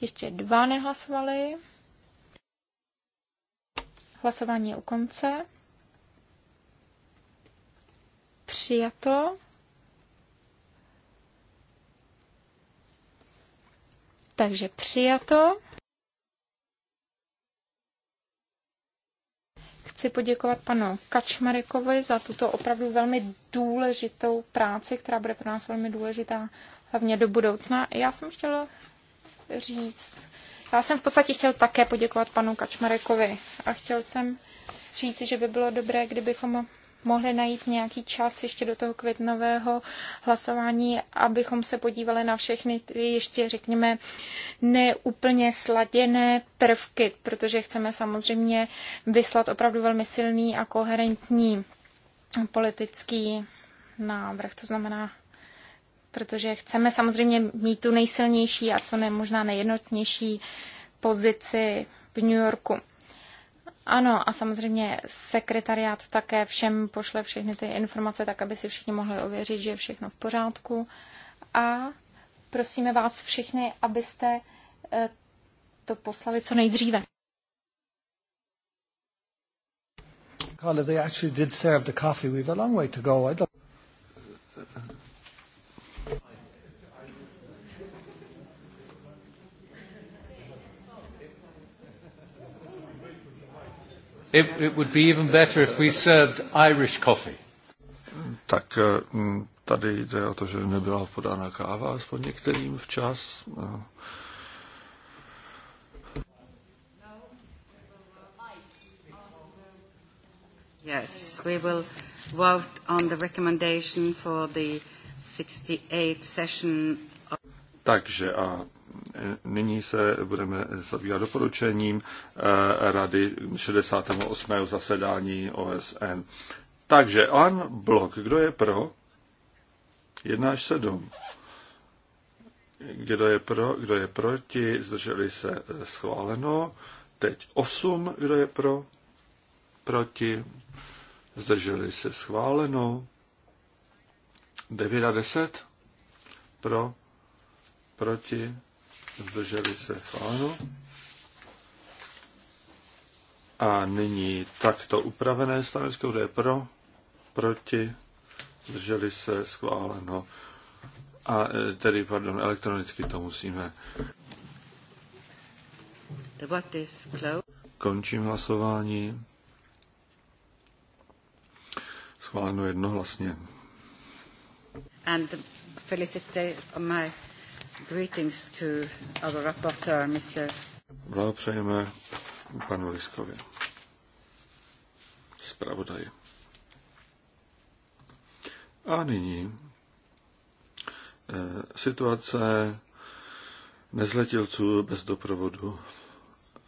Ještě dva nehlasovali. Hlasování je u konce. Přijato. takže přijato. Chci poděkovat panu Kačmarekovi za tuto opravdu velmi důležitou práci, která bude pro nás velmi důležitá, hlavně do budoucna. Já jsem chtěla říct, já jsem v podstatě chtěl také poděkovat panu Kačmarekovi a chtěl jsem říct, že by bylo dobré, kdybychom mohli najít nějaký čas ještě do toho květnového hlasování, abychom se podívali na všechny ty ještě, řekněme, neúplně sladěné prvky, protože chceme samozřejmě vyslat opravdu velmi silný a koherentní politický návrh. To znamená, protože chceme samozřejmě mít tu nejsilnější a co ne možná nejjednotnější pozici v New Yorku. Ano, a samozřejmě sekretariát také všem pošle všechny ty informace, tak aby si všichni mohli ověřit, že je všechno v pořádku. A prosíme vás všechny, abyste eh, to poslali co nejdříve. Carla, they actually did serve the coffee. We've a long way to go. I don't... It, it would be even better if we served Irish coffee. Tak eh, mm, tady jde o to, že nebyla podána káva, aspoň některým včas. No. Yes, we will vote on the recommendation for the 68 session. Of... Takže a Nyní se budeme zabývat doporučením eh, Rady 68. zasedání OSN. Takže an blok, kdo je pro? 1 až 7. Kdo je pro, kdo je proti, zdrželi se eh, schváleno. Teď 8, kdo je pro, proti, zdrželi se schváleno. 9 a 10 pro, proti, zdrželi se schváleno. A nyní takto upravené stanovisko, kde je pro, proti, zdrželi se schváleno. A e, tedy, pardon, elektronicky to musíme. Končím hlasování. Schváleno jednohlasně. And felicitate my Greetings to our rapporteur, Mr. Blahopřejeme panu Liskovi. Zpravodaji. A nyní eh, situace nezletilců bez doprovodu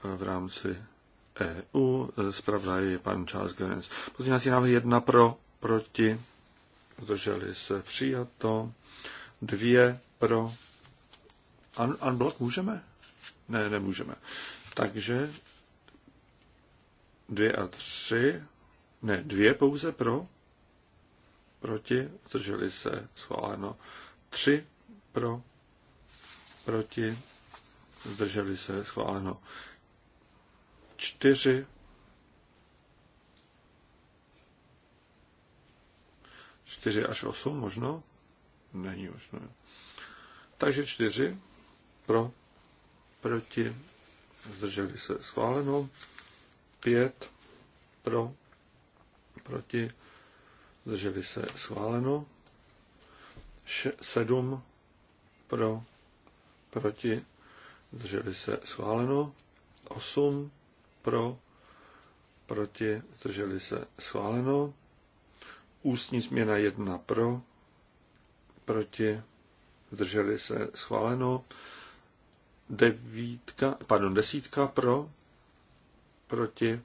eh, v rámci EU. Zpravodaj je pan Charles Gerens. Pozměňovací návrh jedna pro, proti, zdrželi se přijato, dvě pro, Un, unblock můžeme? Ne, nemůžeme. Takže dvě a tři, ne, dvě pouze pro, proti, zdrželi se, schváleno. Tři pro, proti, zdrželi se, schváleno. Čtyři čtyři až osm možno? Není možno. Takže čtyři pro, proti, zdrželi se schváleno, 5 pro, proti, zdrželi se schváleno, 7 pro, proti, zdrželi se schváleno, 8 pro, proti, zdrželi se schváleno, ústní změna 1 pro, proti, zdrželi se schváleno, devítka, pardon, desítka pro, proti,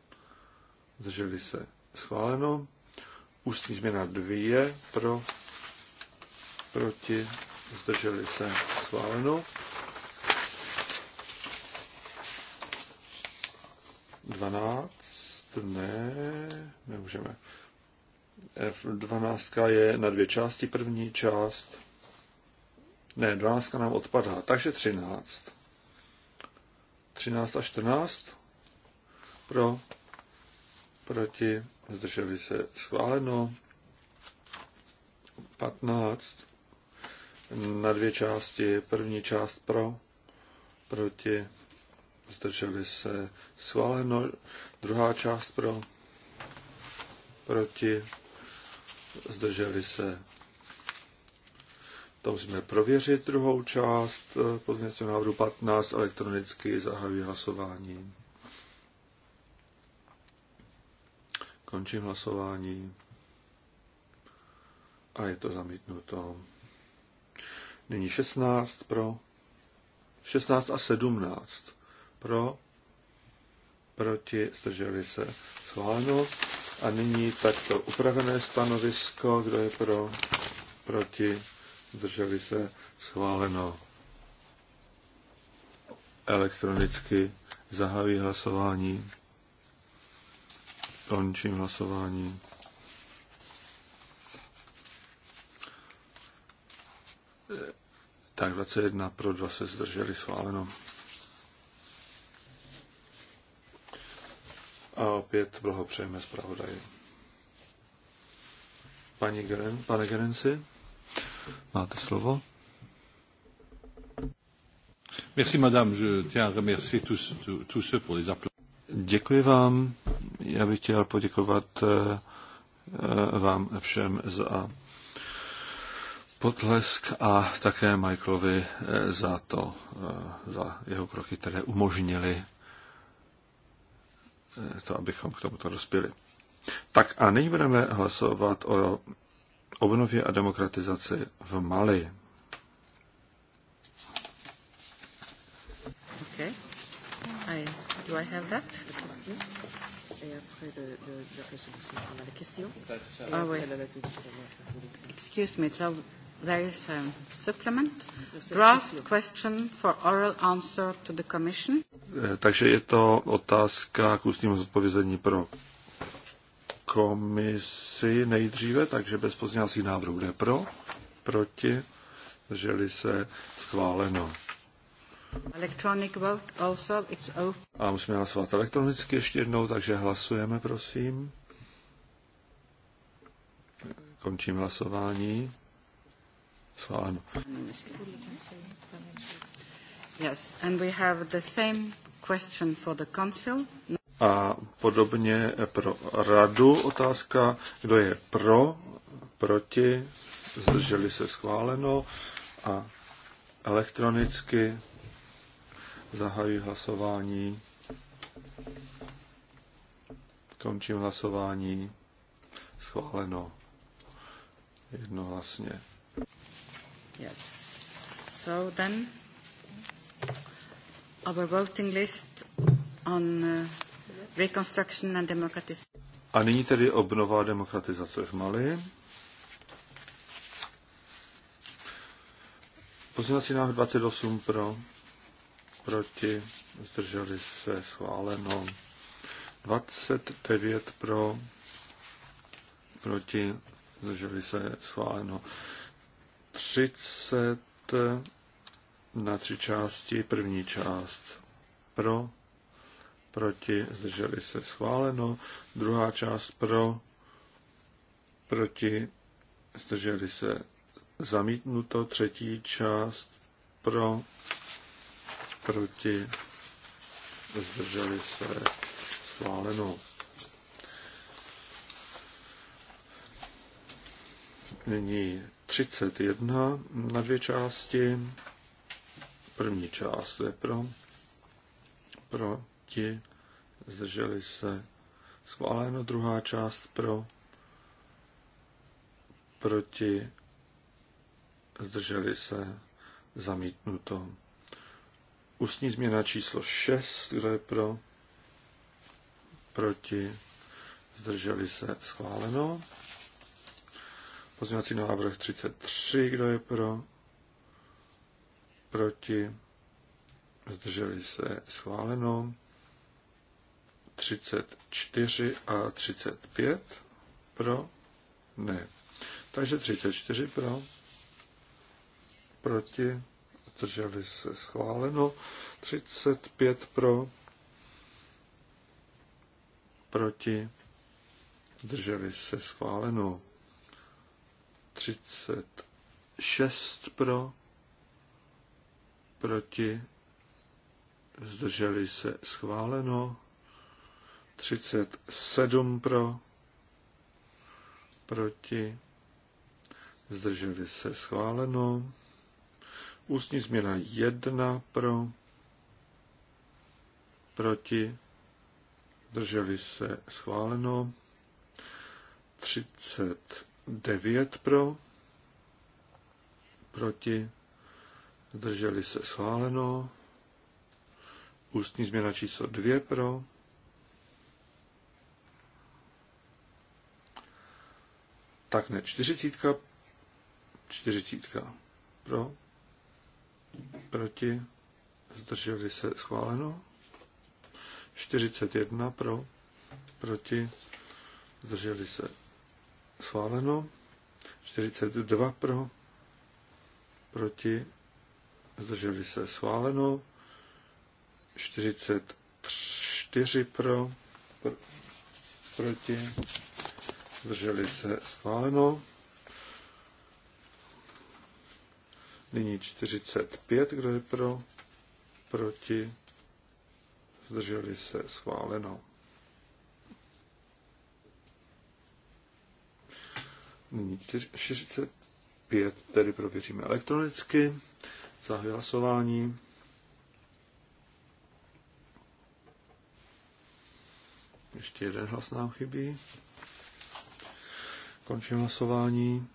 zdrželi se schváleno. Ústní změna dvě pro, proti, zdrželi se schváleno. dvanáct, ne, nemůžeme. F12 je na dvě části, první část. Ne, 12 nám odpadá, takže 13. 13 a 14 pro, proti, zdrželi se schváleno. 15 na dvě části, první část pro, proti, zdrželi se schváleno, druhá část pro, proti, zdrželi se to musíme prověřit druhou část eh, pozměňovacího návrhu 15 elektronicky zahajuji hlasování. Končím hlasování. A je to zamítnuto. Nyní 16 pro. 16 a 17 pro. Proti zdrželi se schváleno. A nyní takto upravené stanovisko, kdo je pro, proti zdrželi se, schváleno. Elektronicky zahájí hlasování. Končím hlasování. Tak 21 pro 2 se zdrželi, schváleno. A opět blahopřejeme zpravodaji. Pani Geren, pane Gerenci? Máte slovo. Merci, madame. Je tiens à remercier tous, tous ceux pour les Děkuji vám. Já bych chtěl poděkovat eh, eh, vám všem za potlesk a také Michaelovi eh, za to, za jeho kroky, které umožnili to, abychom k tomuto dospěli. Tak a nyní budeme hlasovat o obnově a demokratizaci v Mali. Okay. I, do I have that? et après le, le, la résolution. On a la question Ah oui. Excuse me, so there is a supplement. Draft question for oral answer to the Commission. Eh, takže je to otázka k ústnímu zodpovězení pro komisi nejdříve, takže bez pozměňovacích návrhů jde pro, proti, drželi se schváleno. Electronic vote also, it's open. A musíme hlasovat elektronicky ještě jednou, takže hlasujeme, prosím. Končím hlasování. Schváleno. Yes, and we have the same question for the council. A podobně pro radu otázka, kdo je pro, proti, zdrželi se schváleno a elektronicky zahajují hlasování. Končím hlasování. Schváleno. Jednohlasně. Yes. So then our voting list on uh... Reconstruction and Democratization. A nyní tedy obnova demokratizace v Mali. Pozvací návrh 28 pro, proti, zdrželi se, schváleno. 29 pro, proti, zdrželi se, schváleno. 30 na tři části, první část pro, proti, zdrželi se schváleno, druhá část pro, proti, zdrželi se zamítnuto, třetí část pro, proti, zdrželi se schváleno. Nyní 31 na dvě části. První část je pro, pro proti, zdrželi se, schváleno druhá část pro, proti, zdrželi se, zamítnuto. Ústní změna číslo 6, kdo je pro, proti, zdrželi se, schváleno. Pozměňovací návrh 33, kdo je pro, proti, zdrželi se, schváleno. 34 a 35 pro, ne. Takže 34 pro, proti, drželi se schváleno, 35 pro, proti, drželi se schváleno, 36 pro, proti, zdrželi se schváleno, 37 pro, proti, zdrželi se schváleno. Ústní změna 1 pro, proti, zdrželi se schváleno. 39 pro, proti, zdrželi se schváleno. Ústní změna číslo 2 pro, tak ne, čtyřicítka, čtyřicítka pro, proti, zdrželi se, schváleno. 41 pro, proti, zdrželi se, schváleno. 42 pro, proti, zdrželi se, schváleno. 44 pro, pro proti, zdrželi se schváleno. Nyní 45, kdo je pro, proti, zdrželi se schváleno. Nyní 45, tedy prověříme elektronicky. Zahajuji hlasování. Ještě jeden hlas nám chybí. Končím hlasování.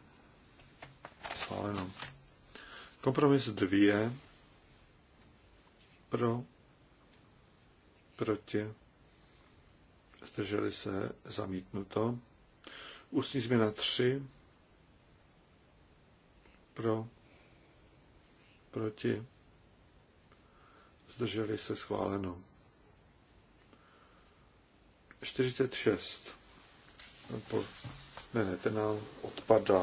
Sváleno. Kompromis 2. Pro. Proti. Zdrželi se zamítnuto. Ústní změna 3. Pro. Proti. Zdrželi se schváleno. 46. Po ne, ne, ten nám odpadá.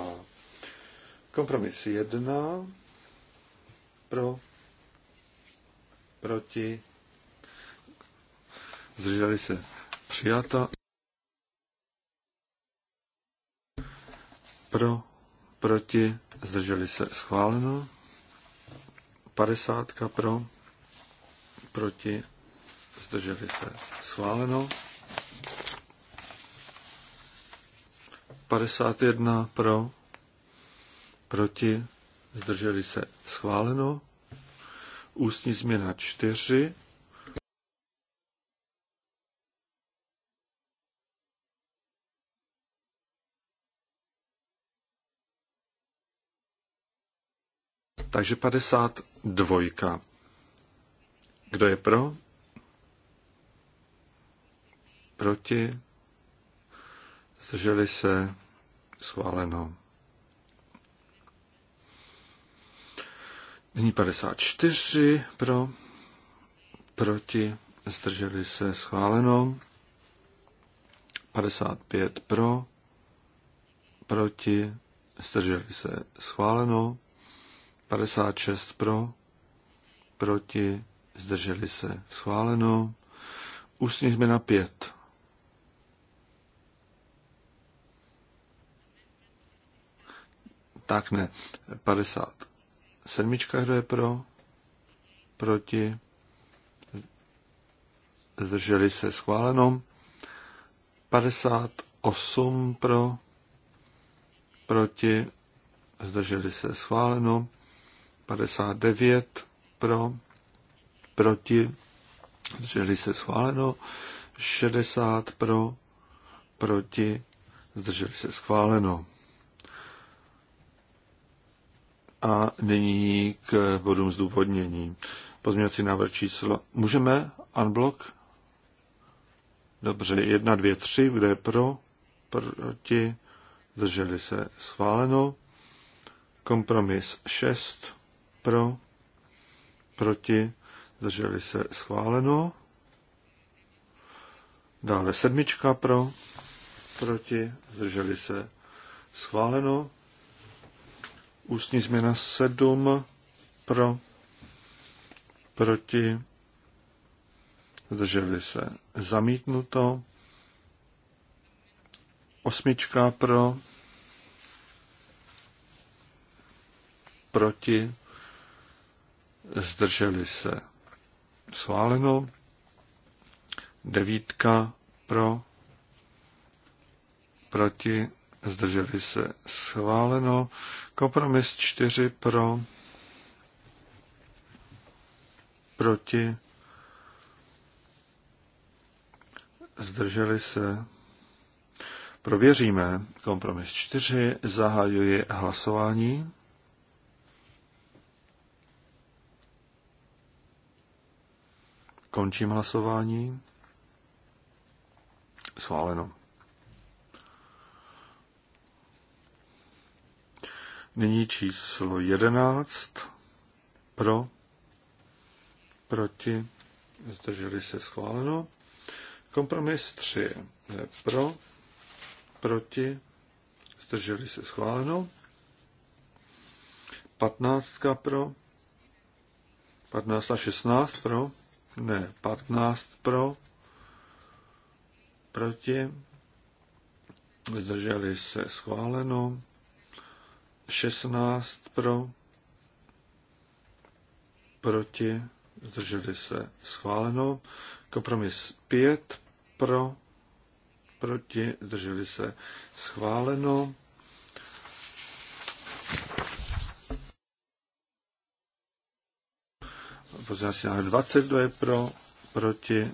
Kompromis 1 pro, proti, zdrželi se přijata, pro, proti, zdrželi se schváleno, 50 pro, proti, zdrželi se schváleno, 51 pro, proti, zdrželi se schváleno. Ústní změna 4. Takže 52. Kdo je pro? Proti? zdrželi se, schváleno. Nyní 54 pro, proti, zdrželi se, schváleno. 55 pro, proti, zdrželi se, schváleno. 56 pro, proti, zdrželi se, schváleno. Ústní na 5 tak ne. 57. Kdo je pro? Proti? Zdrželi se schváleno. 58 pro? Proti? Zdrželi se schváleno. 59 pro? Proti? Zdrželi se schváleno. 60 pro? Proti? Zdrželi se schváleno. A nyní k bodům zdůvodnění. Pozměňovací návrh číslo. Můžeme unblock? Dobře, jedna, dvě, tři, kde je pro, proti, zdrželi se, schváleno. Kompromis 6, pro, proti, zdrželi se, schváleno. Dále sedmička pro, proti, zdrželi se, schváleno. Ústní změna 7 pro, proti, zdrželi se zamítnuto. Osmička pro, proti, zdrželi se sváleno. Devítka pro, proti, zdrželi se schváleno. Kompromis 4 pro, proti, zdrželi se. Prověříme kompromis 4, zahajuji hlasování. Končím hlasování. Schváleno. Nyní číslo 11. Pro. Proti. Zdrželi se schváleno. Kompromis 3. Pro. Proti. Zdrželi se schváleno. 15 pro. 15 a 16 pro. Ne, 15 pro. Proti. Zdrželi se schváleno. 16 pro, proti, zdrželi se schváleno. Kompromis 5 pro, proti, zdrželi se schváleno. Pozměňovací návrh 22 je pro, proti,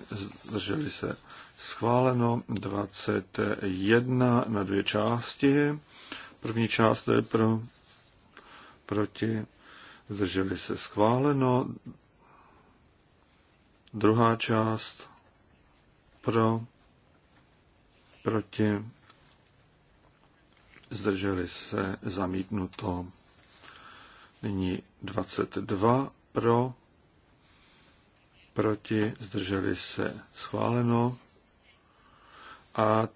zdrželi se schváleno. 21 na dvě části. První část je pro, proti, zdrželi se schváleno. Druhá část pro, proti, zdrželi se zamítnuto. Nyní 22 pro, proti, zdrželi se schváleno. A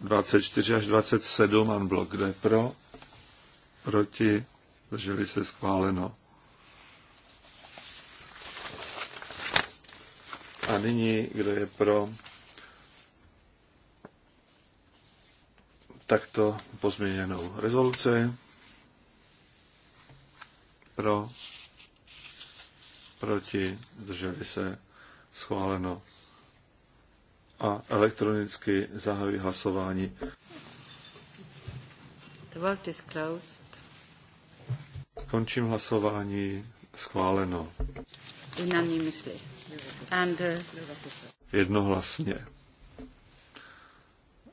24 až 27 unblock, kde pro, proti, drželi se schváleno. A nyní, kdo je pro takto pozměněnou rezoluci, pro, proti, drželi se schváleno a elektronicky zahajuji hlasování. The vote is closed. Končím hlasování. Schváleno. Unanimously. And, uh... Jednohlasně.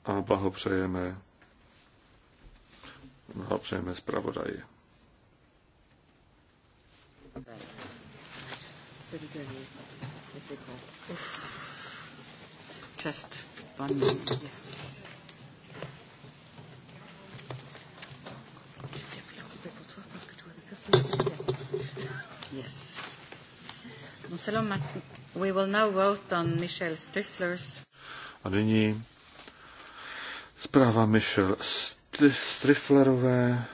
A blahopřejeme. Blahopřejeme zpravodaji. Right. Just one minute, yes. Yes. We will now vote on Michel Stifler's. A nyní zpráva Michel Striflerové.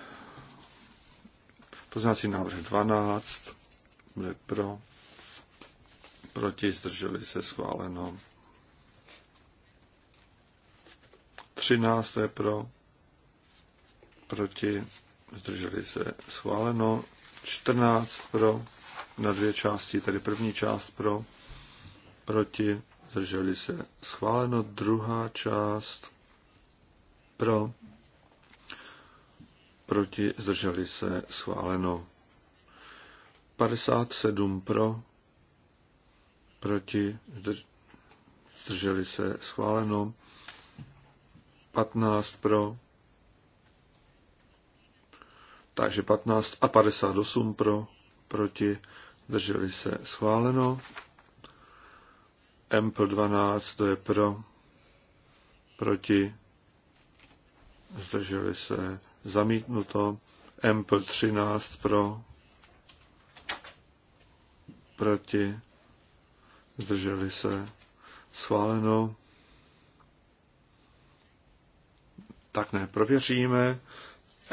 Poznávací návrh 12. Bude pro. Proti zdrželi se schváleno. 13 je pro, proti, zdrželi se schváleno, 14 pro, na dvě části, tedy první část pro, proti, zdrželi se schváleno, druhá část pro, proti, zdrželi se schváleno, 57 pro, proti, zdrželi se schváleno, 15 pro. Takže 15 a 58 pro, proti, drželi se schváleno. Ample 12, to je pro, proti, zdrželi se zamítnuto. Ample 13 pro, proti, zdrželi se schváleno. tak ne, prověříme.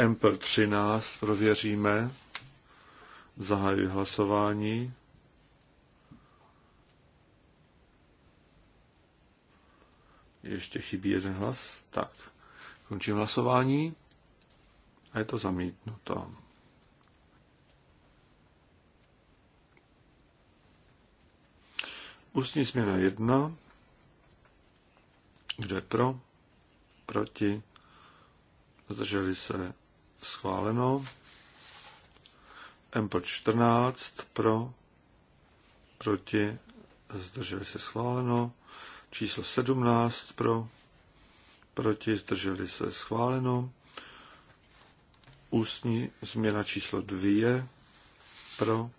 Ample 13 prověříme. Zahajuji hlasování. Ještě chybí jeden hlas. Tak, končím hlasování a je to zamítnuto. Ústní změna 1. Kdo je pro? Proti? zdrželi se schváleno. mp 14 pro, proti, zdrželi se schváleno. Číslo 17 pro, proti, zdrželi se schváleno. Ústní změna číslo 2 pro,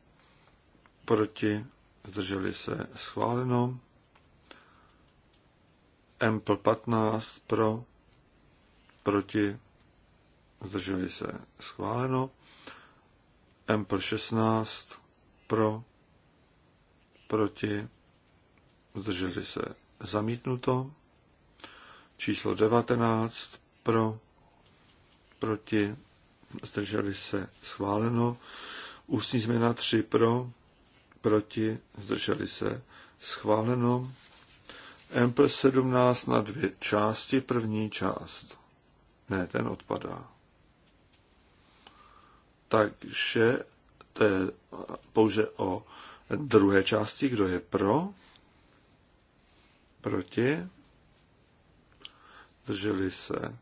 proti, zdrželi se schváleno. mp 15 pro, proti, zdrželi se schváleno. Ample 16 pro, proti, zdrželi se zamítnuto. Číslo 19 pro, proti, zdrželi se schváleno. Ústní změna 3 pro, proti, zdrželi se schváleno. Ample 17 na dvě části, první část. Ne, ten odpadá. Takže to je pouze o druhé části, kdo je pro, proti, drželi se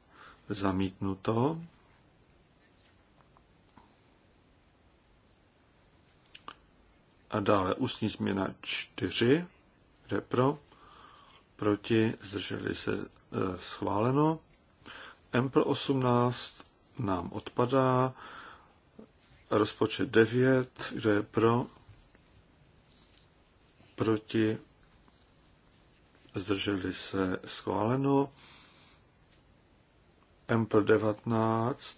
zamítnuto. A dále ústní změna 4, kde pro, proti, zdrželi se e, schváleno. M pro 18 nám odpadá, Rozpočet 9, kdo je pro, proti, zdrželi se schváleno. MPL 19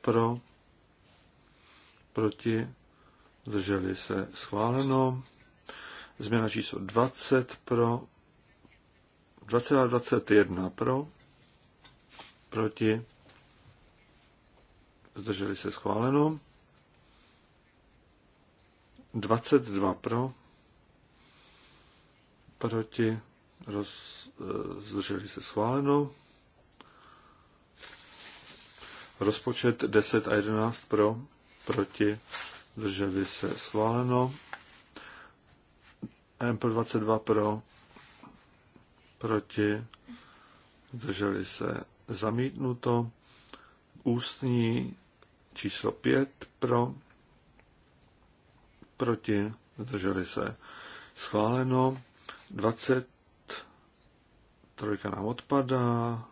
pro, proti, zdrželi se schváleno. Změna číslo 20 pro, 20 a 21 pro, proti, zdrželi se schváleno. 22 pro, proti, roz, e, zdrželi se schváleno. Rozpočet 10 a 11 pro, proti, zdrželi se schváleno. MP 22 pro, proti, zdrželi se zamítnuto. Ústní číslo 5 pro, proti, zdrželi se. Schváleno 20, trojka nám odpadá.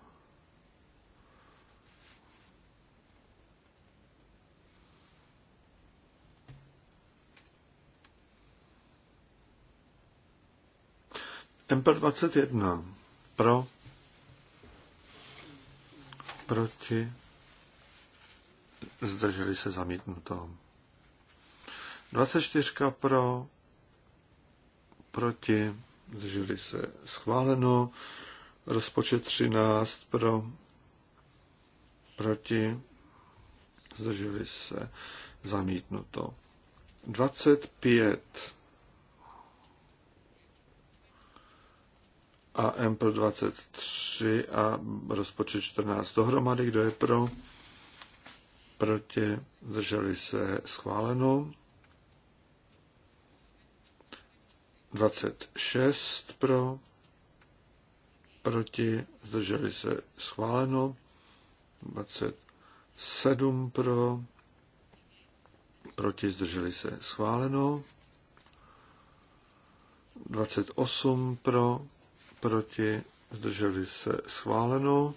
MP21 pro, proti, zdrželi se zamítnutou. 24 pro, proti, zdrželi se schváleno, rozpočet 13 pro, proti, zdrželi se zamítnuto. 25 a Ample 23 a rozpočet 14 dohromady, kdo je pro, proti, zdrželi se schváleno. 26 pro, proti, zdrželi se schváleno, 27 pro, proti, zdrželi se schváleno, 28 pro, proti, zdrželi se schváleno,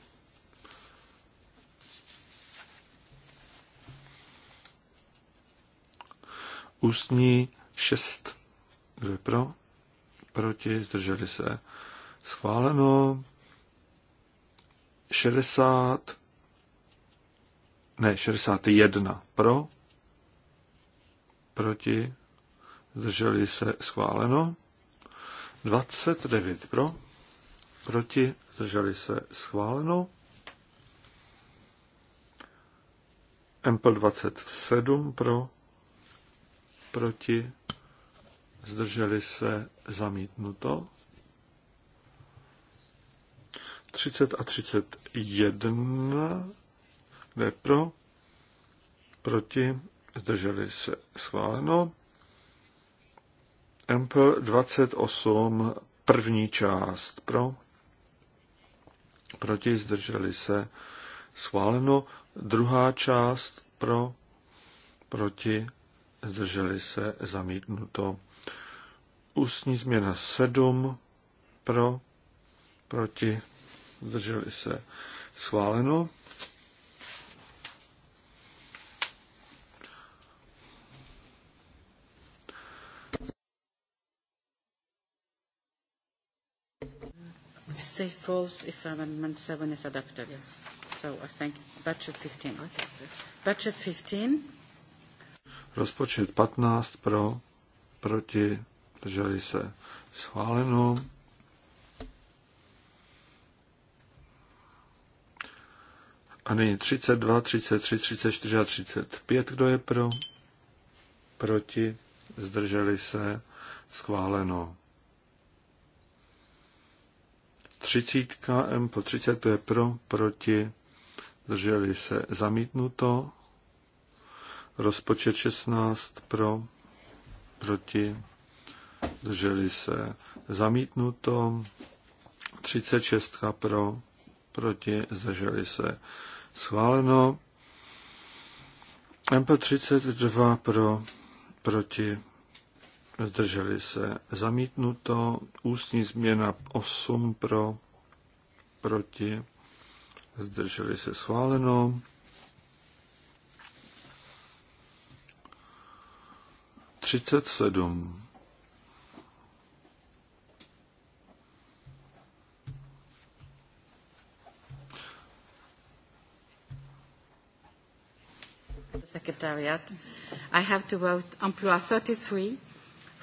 ústní 6, kdo je pro, proti, zdrželi se. Schváleno 60, ne, 61 pro, proti, zdrželi se. Schváleno 29 pro, proti, zdrželi se. Schváleno MP27 pro, proti, zdrželi se zamítnuto. 30 a 31, kde pro, proti, zdrželi se schváleno. MP 28, první část pro, proti, zdrželi se schváleno. Druhá část pro, proti, zdrželi se zamítnuto. Ústní změna 7 pro, proti, zdrželi se schváleno. Safe falls if amendment 7 is adopted. Yes. So I think budget 15. I think so. Budget 15. Rozpočet 15 pro, proti, Drželi se. Schváleno. A nyní 32, 33, 34 a 35. Kdo je pro? Proti? Zdrželi se? Schváleno. 30 M po 30 to je pro, proti, zdrželi se zamítnuto. Rozpočet 16 pro, proti, zdrželi se, zamítnuto, 36 pro, proti, zdrželi se, schváleno, MP32 pro, proti, zdrželi se, zamítnuto, ústní změna 8 pro, proti, zdrželi se, schváleno, 37 secretariat. I have to vote Emploi 33.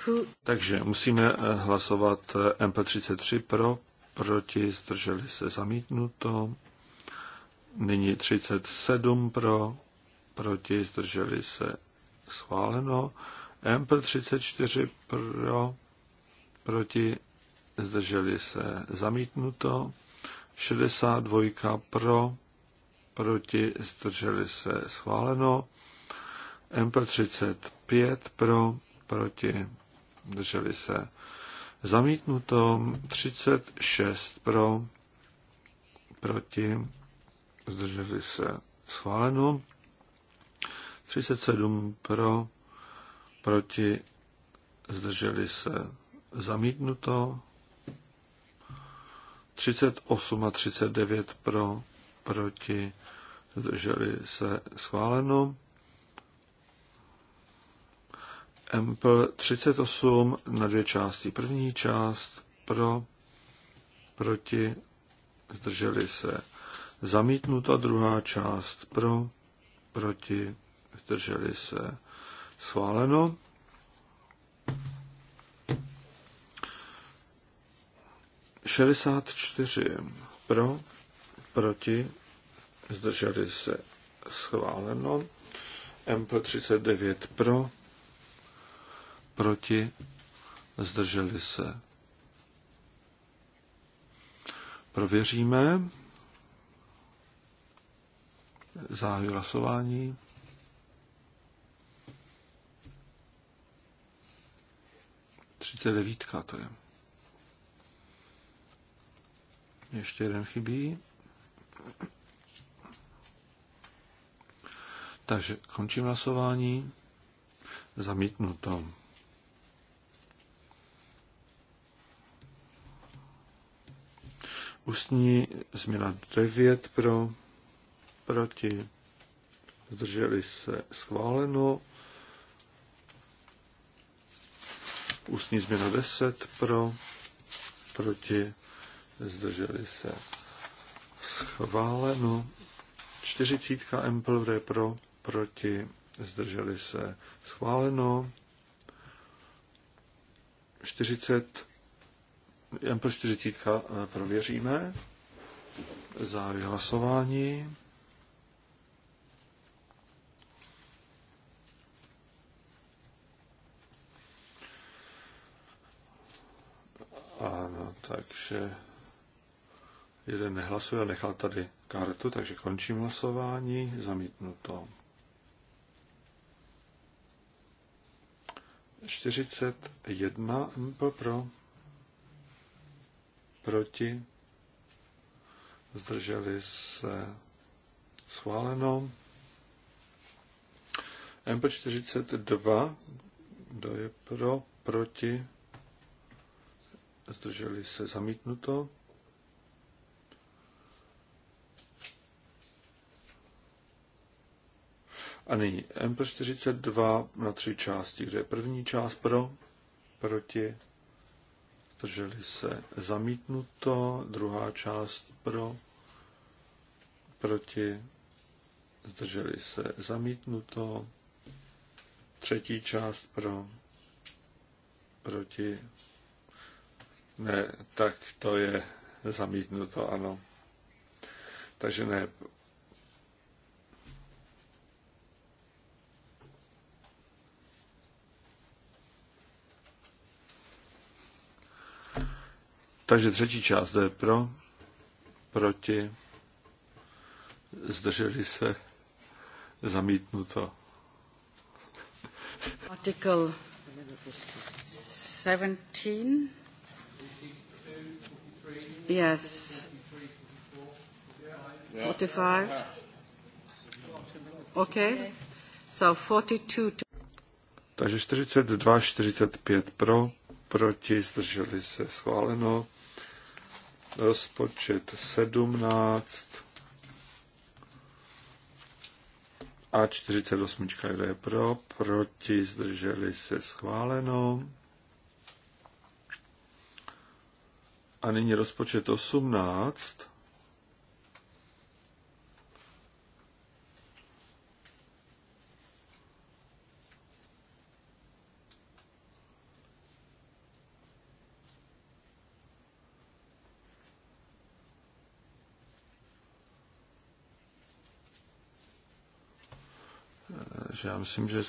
Who... Takže musíme eh, hlasovat eh, MP33 pro, proti, zdrželi se zamítnuto. Nyní 37 pro, proti, zdrželi se schváleno. MP34 pro, proti, zdrželi se zamítnuto. 62 pro, proti, zdrželi se schváleno. MP35 pro, proti, drželi se. Zamítnuto 36 pro, proti, zdrželi se. Schváleno 37 pro, proti, zdrželi se. Zamítnuto 38 a 39 pro, proti, zdrželi se. Schváleno MP 38 na dvě části. První část pro, proti, zdrželi se. Zamítnuta druhá část pro, proti, zdrželi se. Schváleno. Šedesát čtyři pro, proti, zdrželi se. Schváleno. MP39 pro, proti, zdrželi se. Prověříme. záhy hlasování. Třicet devítka to je. Ještě jeden chybí. Takže končím hlasování. Zamítnu to. Ústní změna 9 pro, proti, zdrželi se schváleno. Ústní změna 10 pro, proti, zdrželi se schváleno. 40 MPLV pro, proti, zdrželi se schváleno. 40 pro 40 eh, prověříme. za hlasování. Ano, takže jeden nehlasuje, nechal tady kartu, takže končím hlasování, zamítnu to. 41 pro, pro proti, zdrželi se schváleno. MP42, kdo je pro, proti, zdrželi se zamítnuto. A nyní MP42 na tři části, kde je první část pro, proti, zdrželi se zamítnuto, druhá část pro, proti, zdrželi se zamítnuto, třetí část pro, proti, ne, tak to je zamítnuto, ano. Takže ne, Takže třetí část, to je pro, proti, zdrželi se, zamítnuto. Article 17. Yes. 45. Okay. So 42. Takže 42, 45 pro, proti, zdrželi se, schváleno rozpočet 17 a 48, kdo je pro, proti, zdrželi se schváleno. A nyní rozpočet 18. Takže já myslím, že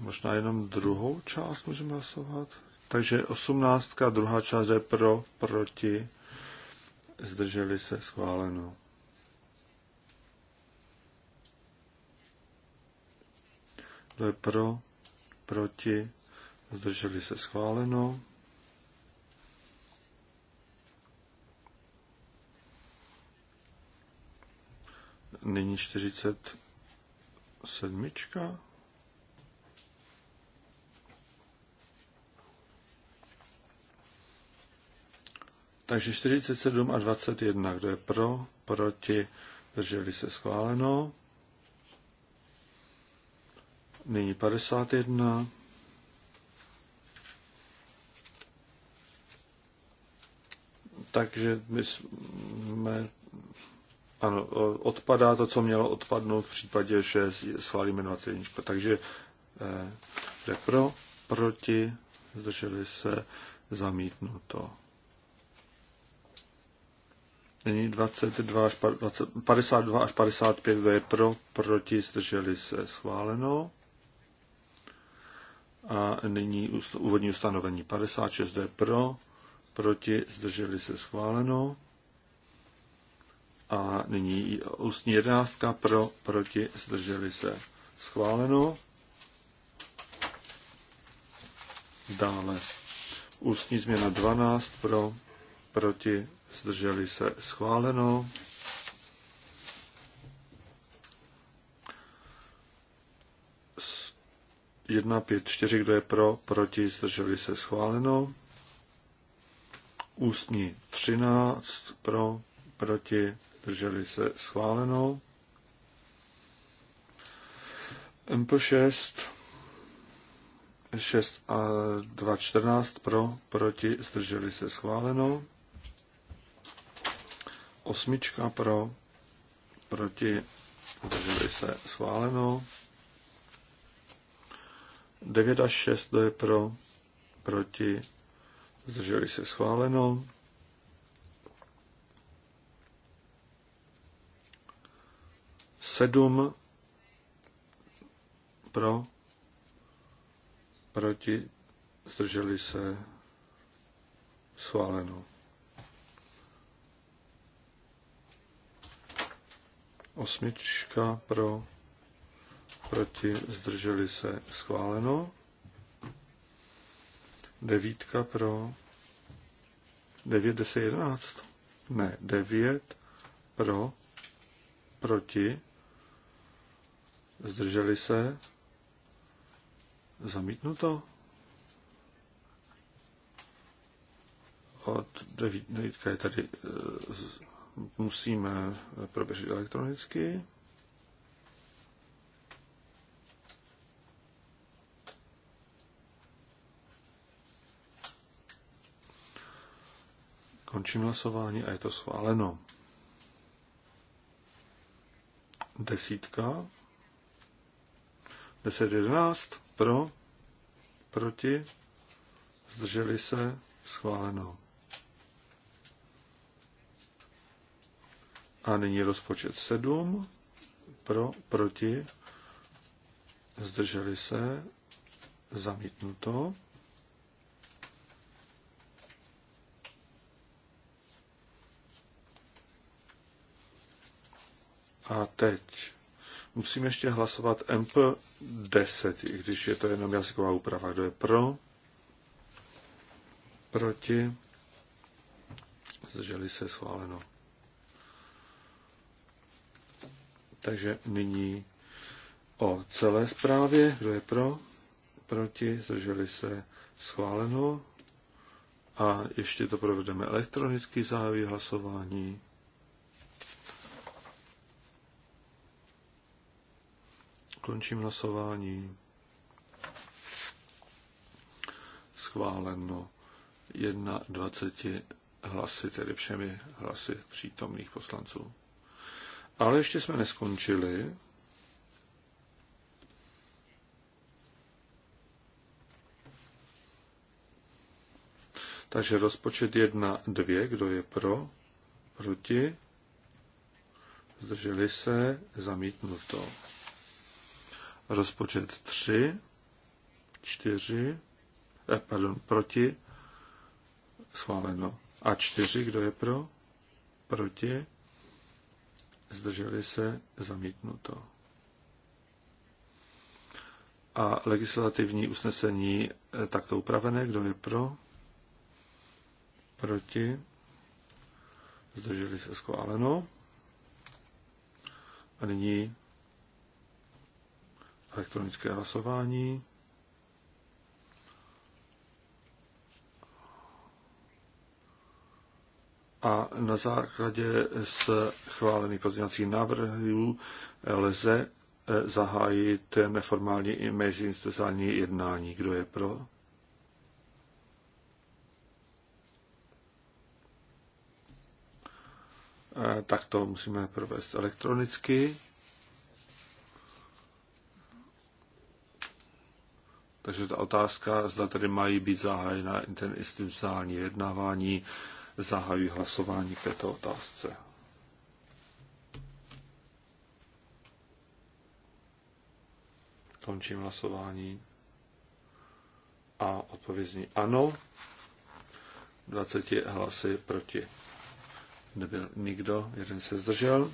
možná jenom druhou část můžeme hlasovat. Takže osmnáctka, druhá část je pro, proti, zdrželi se, schváleno. Kdo je pro, proti, zdrželi se, schváleno. Nyní 40 sedmička. Takže 47 a 21, kdo je pro, proti, drželi se schváleno. Nyní 51. Takže my jsme ano, odpadá to, co mělo odpadnout v případě, že schválíme 21. Takže eh, jde pro, proti, zdrželi se, zamítnuto. Nyní 22 až 20, 52 až 55, kdo je pro, proti, zdrželi se, schváleno. A nyní úvodní ustanovení 56, kdo je pro, proti, zdrželi se, schváleno. A nyní ústní jedenáctka pro, proti, zdrželi se. Schváleno. Dále ústní změna 12 pro, proti, zdrželi se. Schváleno. Jedna, pět, čtyři, kdo je pro, proti, zdrželi se. Schváleno. Ústní 13 pro, proti, zdrželi se schváleno. MP6 6 a 214 pro, proti, zdrželi se schváleno. Osmička pro, proti, zdrželi se schváleno. 9 až 6 to je pro, proti, zdrželi se schváleno. 7 pro, proti, zdrželi se, schváleno. Osmička pro, proti, zdrželi se, schváleno. Devítka pro, 9, 10, 11. Ne, 9 pro, proti, Zdrželi se? Zamítnuto? Od devítka je tady eh, musíme proběžit elektronicky. Končím hlasování a je to schváleno. Desítka. 10.11 pro, proti, zdrželi se, schváleno. A nyní rozpočet 7 pro, proti, zdrželi se, zamítnuto. A teď Musíme ještě hlasovat MP10, i když je to jenom jazyková úprava. Kdo je pro? Proti? Zdrželi se schváleno. Takže nyní o celé zprávě. Kdo je pro? Proti? Zdrželi se schváleno. A ještě to provedeme elektronický závěr hlasování. Končím hlasování. Schváleno 21 hlasy, tedy všemi hlasy přítomných poslanců. Ale ještě jsme neskončili. Takže rozpočet 1, 2, kdo je pro, proti, zdrželi se, zamítnuto rozpočet 3, 4, eh, pardon, proti, schváleno. A 4, kdo je pro, proti, zdrželi se, zamítnuto. A legislativní usnesení eh, takto upravené, kdo je pro, proti, zdrželi se schváleno. A nyní Elektronické hlasování. a na základě schválených pozměňovacích návrhů lze eh, zahájit neformální i meziinstitucionální jednání. Kdo je pro? Eh, tak to musíme provést elektronicky. Takže ta otázka, zda tedy mají být zahájena interinstitucionální jednávání, zahájí hlasování k této otázce. Končím hlasování. A odpovězní ano. 20 hlasy proti. Nebyl nikdo, jeden se zdržel.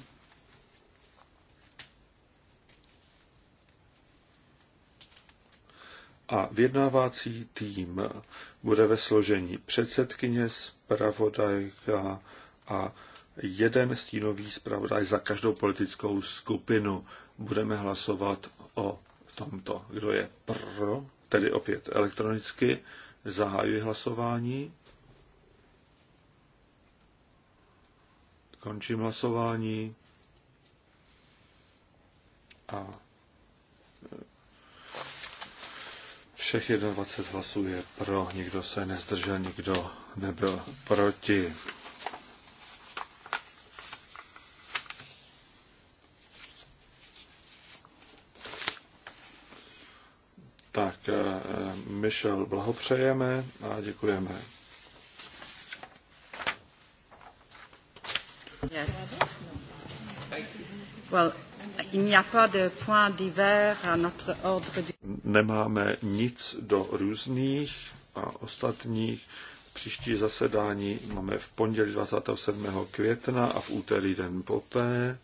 a vyjednávací tým bude ve složení předsedkyně, zpravodajka a jeden stínový zpravodaj za každou politickou skupinu. Budeme hlasovat o tomto. Kdo je pro, tedy opět elektronicky, zahajuji hlasování. Končím hlasování. A Všech 21 hlasů je pro, nikdo se nezdržel, nikdo nebyl proti. Tak, eh, Michel, blahopřejeme a děkujeme. Yes. Well, Nemáme nic do různých a ostatních. Příští zasedání máme v pondělí 27. května a v úterý den poté.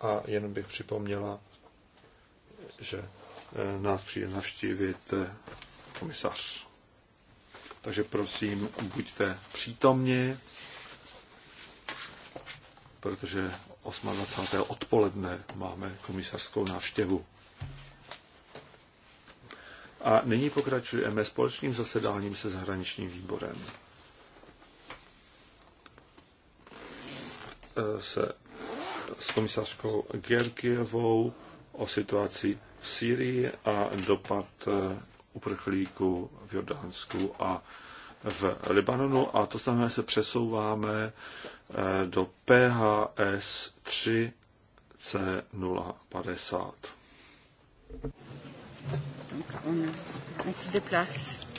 A jenom bych připomněla, že eh, nás přijde navštívit eh, komisař. Takže prosím, buďte přítomni, protože 28. odpoledne máme komisařskou návštěvu. A nyní pokračujeme společným zasedáním se zahraničním výborem. E, se s komisařkou Gergievou o situaci v Syrii a dopad e, uprchlíků v Jordánsku a v Libanonu. A to znamená, že se přesouváme Eh, do PHS 3C050. Donc on, on se déplace.